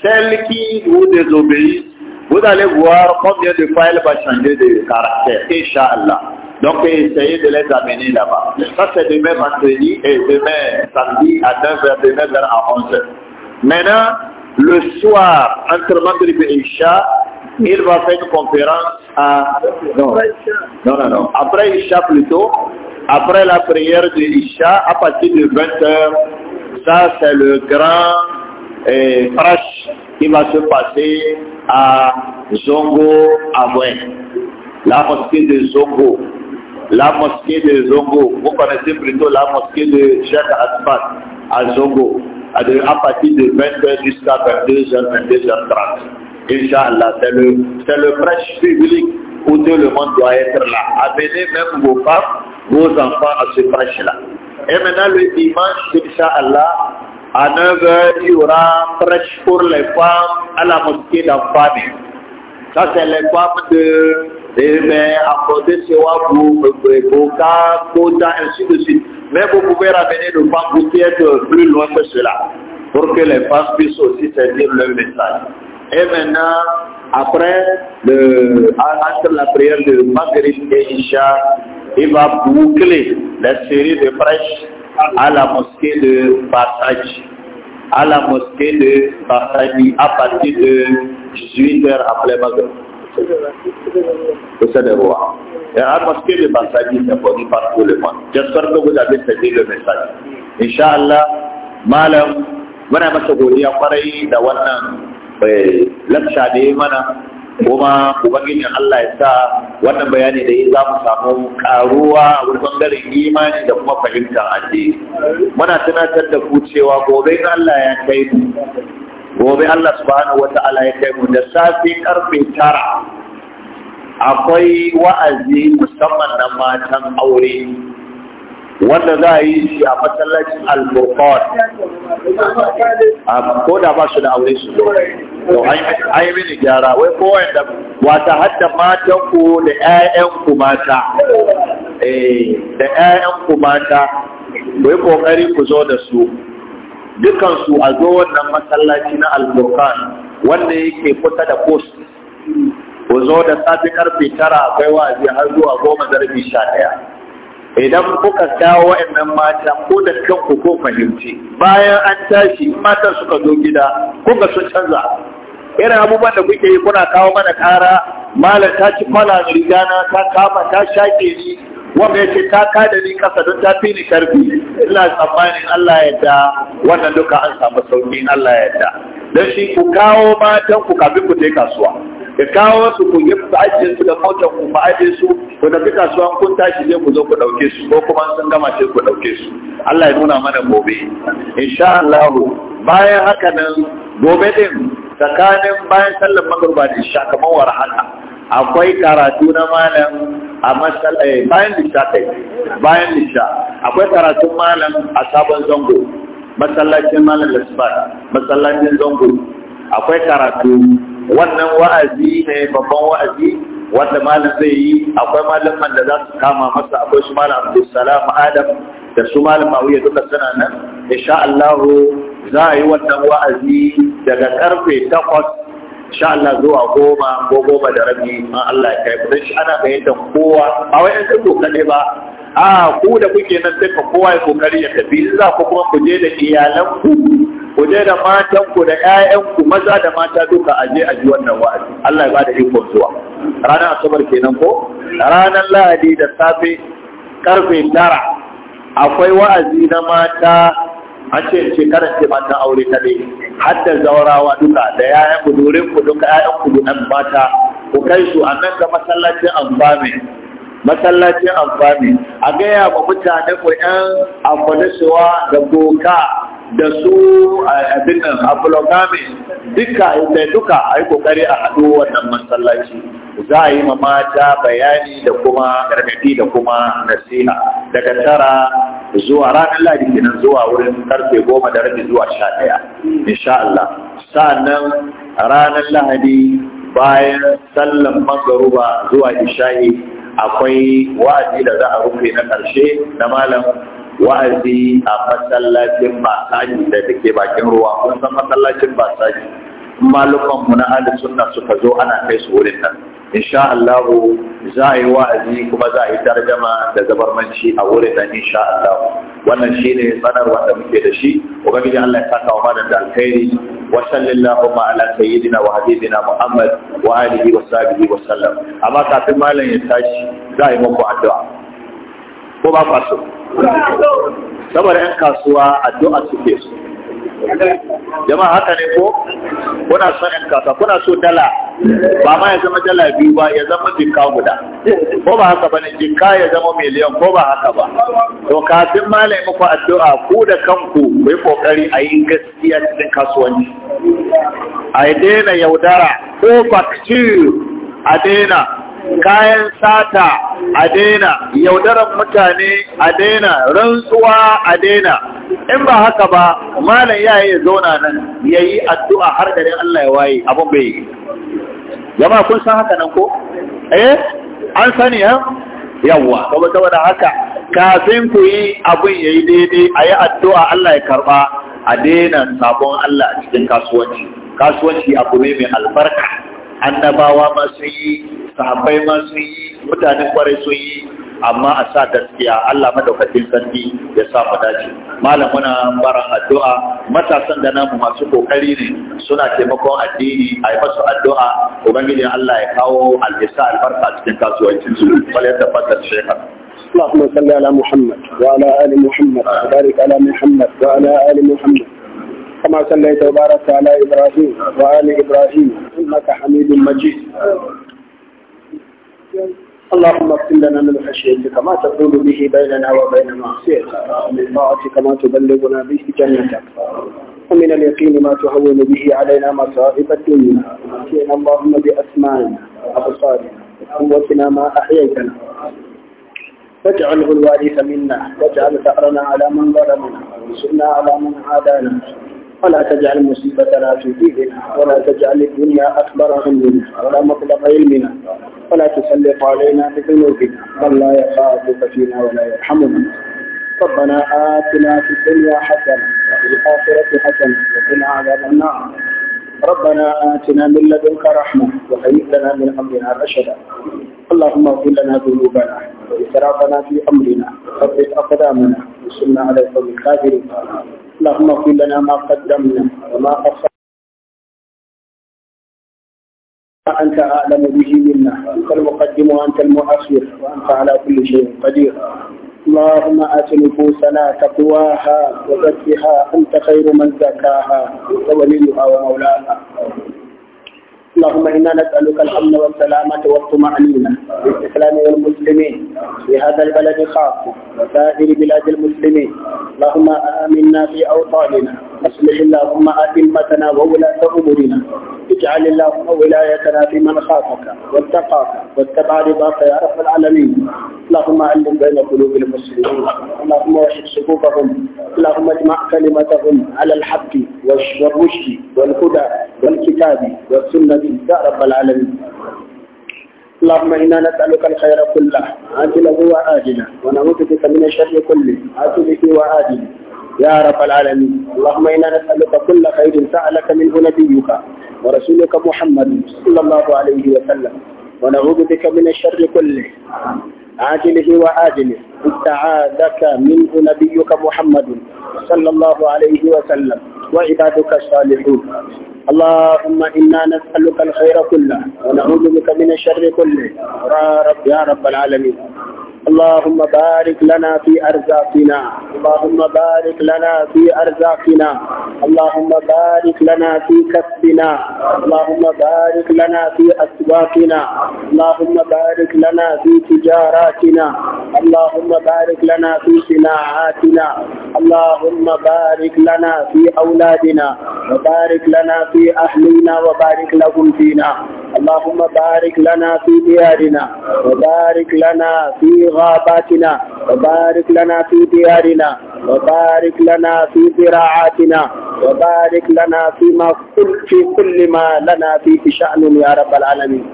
Celles qui vous désobéissent, vous allez voir combien de fois elles vont changer de caractère. Inch'Allah. Donc, essayez de les amener là-bas. Ça, c'est demain vendredi et demain samedi à 9h, demain vers à 11h. Maintenant, le soir, entre Maghrib et Isha, il va faire une conférence à... Non, non, non. Après Isha plutôt, après la prière de Isha, à partir de 20h, ça c'est le grand crash eh, qui va se passer à Zongo à Mouen. la mosquée de Zongo la mosquée de Zongo. Vous connaissez plutôt la mosquée de Cheikh Asfat à Zongo, à, partir de 20h jusqu'à 22h, 22h30. Inch'Allah, c'est le, c'est le prêche public où tout le monde doit être là. Amenez même vos femmes, vos enfants à ce prêche-là. Et maintenant, le dimanche, Inch'Allah, à 9h, il y aura prêche pour les femmes à la mosquée d'Amphane. Ça, c'est les femmes de Amen. apporter ce wabou, boka, kota, ainsi de suite. Mais vous pouvez ramener le banc être plus loin que cela, pour que les femmes puissent aussi sentir le message. Et maintenant, après, le, entre la prière de Maghrib et Isha, il va boucler la série de prêches à la mosquée de Passage, à la mosquée de Passage à partir de 18h après Maghrib. kusa da ruwa yan an masu kebe ba sadi da kwani farko da kwan jan sarko guda bin ta jebe mai sadi insha malam muna masa godiya kwarai da wannan eh, lafsha da ya mana kuma ubangijin Allah ya sa wannan bayani da ya za mu samu karuwa a wani bangaren imani da kuma fahimtar addini muna tunatar da ku cewa gobe Allah ya kai mu gobe Allah subhanahu wata'ala ya kai mu da safi karfe tara akwai wa'azi musamman na matan aure wanda za a yi shi a matsalacin alburkawar a koda ba su da aure su to a yi mini gyara wai kowai da wata hadda matan ku da 'ya'yan ku mata eh, da 'ya'yan ku mata wai kokari ku zo da su dukansu a zo wannan masallaci na alburkan wanda yake kusa da post ku zo da safe karfe tara akwai wa'azi har zuwa goma zarbi sha idan kuka dawo wa'annan mata ko da kanku ko fahimci bayan an tashi matan suka zo gida kuka sun canza irin abubuwan da kuke yi kuna kawo mana kara malam ta ci kwala riga na ta kama ta shaƙe ni wanda yake ta da ni kasa don ta fi ni karfi ina tsammanin Allah ya da wannan duka an samu sauki Allah ya da dan shi ku kawo matan ku kafin ku je kasuwa ka kawo su ku yi su ajiye su da motar ku ba ajiye su ku tafi kasuwa kun tashi je ku zo ku dauke su ko kuma sun gama sai ku dauke su Allah ya nuna mana gobe insha Allah bayan haka nan gobe din tsakanin bayan sallar magruba da isha kamar akwai karatu na malam a eh, bayan lisha kai bayan lisha akwai karatun malam a sabon zango masallacin malam lasbat masallacin zango akwai karatu wannan wa'azi ne babban wa'azi wanda malam zai yi akwai man da za su kama masa akwai su malam abdulsalam adam da su malam mawuyar duka suna nan insha Allah za a yi wannan wa'azi daga karfe takwas insha Allah zuwa goma ko goma da rabi in Allah ya kai kudin shi ana bayyantar kowa ba wai an tabo kaɗai ba a ku da kuke nan sai kowa ya kokari ya tafi za ku kuma ku je da iyalanku ku je da matanku da 'ya'yanku maza da mata duka a je a ji wannan wa'azi Allah ya bada ikon zuwa ranar asabar kenan ko ranar lahadi da safe karfe tara akwai wa'azi na mata a ce shekarar ce mata aure ta ne hadda zaurawa duka da yayan budurin ku duka yayan ku mata ku kai su a nan ga masallacin amfani masallacin amfani a gaya wa mutane ku yan suwa da doka da su eh, abin nan a duka da duka a yi kokari a haɗu wannan masallaci za a yi ma mata bayani da kuma gargadi da kuma nasiha daga tara zuwa ranar ladi kenan zuwa wurin karfe goma da rabi zuwa sha ɗaya insha Allah nan ranar lahadi bayan sallan magaruba zuwa isha'i akwai wa'azi da za a rufe na ƙarshe na malam wa'azi a masallacin basaji da take bakin ruwa kun san masallacin basaji malukan mu na ahli sunna suka zo ana kai su wurin nan insha Allah za a yi wa'azi kuma za a yi tarjama da zabarmanci a wurin nan insha Allah wannan shine sanar wanda muke da shi ubangiji Allah ya saka wa da alkhairi wa sallallahu ala sayyidina wa habibina Muhammad wa alihi wa sahbihi wa sallam amma kafin malam ya tashi za a yi muku addu'a ko ba ku so saboda yan kasuwa addu'a suke so jama'a haka ne ko kuna son yan kasuwa kuna so dala ba ma ya zama dala biyu ba ya zama jinka guda ko ba haka ba ne jinka ya zama miliyan ko ba haka ba to kafin malai muku addu'a ku da kanku ku yi kokari a yi gaskiya cikin kasuwanci a daina yaudara ko bakci a daina kayan sata a daina yaudaran mutane a daina rantsuwa a daina in ba haka ba malam ya yi zauna nan ya yi addu'a har garin Allah ya waye abin bai yi jama'a kun san haka nan ko eh an sani ha eh? yawa kuma saboda haka kafin ku yi abin ya yi daidai a yi addu'a Allah ya karba a daina sabon Allah a cikin kasuwanci kasuwanci abu ne mai albarka annabawa ma sun yi sahabbai ma sun yi mutanen kwarai sun yi amma a sa gaskiya Allah madaukakin sarki ya sa mu dace malam muna bara addu'a matasan da namu masu kokari ne suna taimakon addini a yi masu addu'a ubangiji Allah ya kawo alhisa albarka cikin kasuwancin su wala ya tabbatar shekar اللهم صل على محمد وعلى ال محمد وبارك على محمد وعلى ال محمد كما صليت وباركت على ابراهيم وال ابراهيم انك حميد مجيد اللهم اغفر لنا من خشيتك ما تقول به بيننا وبين معصيتك ومن طاعتك ما تبلغنا به جنتك ومن اليقين ما تهون به علينا مصائب الدنيا ومتعنا اللهم بأسمائنا وأبصارنا وقوتنا ما أحييتنا واجعله الوارث منا واجعل ثأرنا على من ظلمنا وانصرنا على من عادانا ولا تجعل مصيبتنا في ديننا ولا تجعل الدنيا أكبر همنا ولا مطلق علمنا ولا تسلط علينا بذنوبنا من لا يخافك فينا ولا يرحمنا ربنا آتنا في الدنيا حسنة وفي الآخرة حسنة وقنا عذاب النار ربنا آتنا من لدنك رحمة وهيئ لنا من أمرنا رشدا اللهم اغفر لنا ذنوبنا وإسرافنا في أمرنا وثبت أقدامنا وصلنا على القوم الكافرين اللهم اغفر لنا ما قدمنا وما أخرنا أنت أعلم به منا وأنت المقدم وأنت المؤخر وأنت على كل شيء قدير اللهم آت نفوسنا تقواها وزكها أنت خير من زكاها وليها ومولاها اللهم إنا نسألك الأمن والسلامة والطمأنينة للإسلام والمسلمين في هذا البلد خاصة وسائر بلاد المسلمين اللهم آمنا في أوطاننا أصلح اللهم أئمتنا وولاة أمورنا اجعل اللهم ولايتنا في من خافك واتقاك واتبع رضاك يا رب العالمين اللهم علم بين قلوب المسلمين اللهم وحد صفوفهم اللهم اجمع كلمتهم على الحق والرشد والهدى والكتاب والسنة العظيم يا رب العالمين اللهم إنا نسألك الخير كله عاجله وآجله ونعوذ بك من الشر كله عاجله وآجله يا رب العالمين اللهم إنا نسألك كل خير سألك منه نبيك ورسولك محمد صلى الله عليه وسلم ونعوذ بك من الشر كله عاجله وآجله استعاذك منه نبيك محمد صلى الله عليه وسلم وعبادك الصالحون اللهم إنا نسألك الخير كله ونعوذ بك من الشر كله يا رب يا رب العالمين اللهم بارك لنا في أرزاقنا اللهم بارك لنا في أرزاقنا اللهم بارك لنا في كسبنا اللهم بارك لنا في أسواقنا اللهم بارك لنا في تجاراتنا اللهم بارك لنا في صناعاتنا اللهم بارك لنا في أولادنا وبارك لنا في أهلنا وبارك لهم فينا اللهم بارك لنا في ديارنا وبارك لنا في غاباتنا وبارك لنا في ديارنا وبارك لنا في زراعاتنا وبارك لنا فيما كل في كل ما لنا فيه شأن يا رب العالمين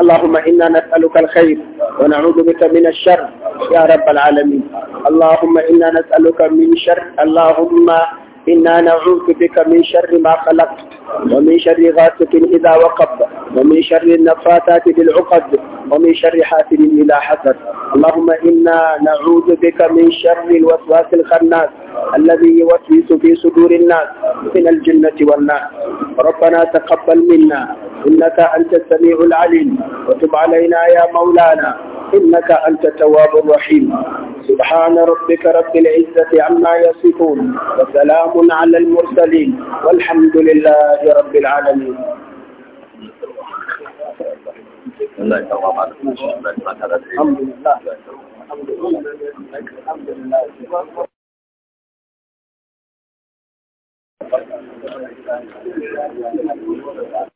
اللهم إنا نسألك الخير ونعوذ بك من الشر يا رب العالمين اللهم إنا نسألك من شر اللهم إنا نعوذ بك من شر ما خلقت ومن شر غاسق إذا وقب ومن شر النفاثات بالعقد ومن شر حاسد إذا حسد اللهم إنا نعوذ بك من شر الوسواس الخناس الذي يوسوس في صدور الناس من الجنة والنار ربنا تقبل منا إنك أنت السميع العليم وتب علينا يا مولانا إنك أنت التواب الرحيم سبحان ربك رب العزة عما يصفون وسلام على المرسلين والحمد لله رب العالمين الحمد لله الحمد لله الحمد لله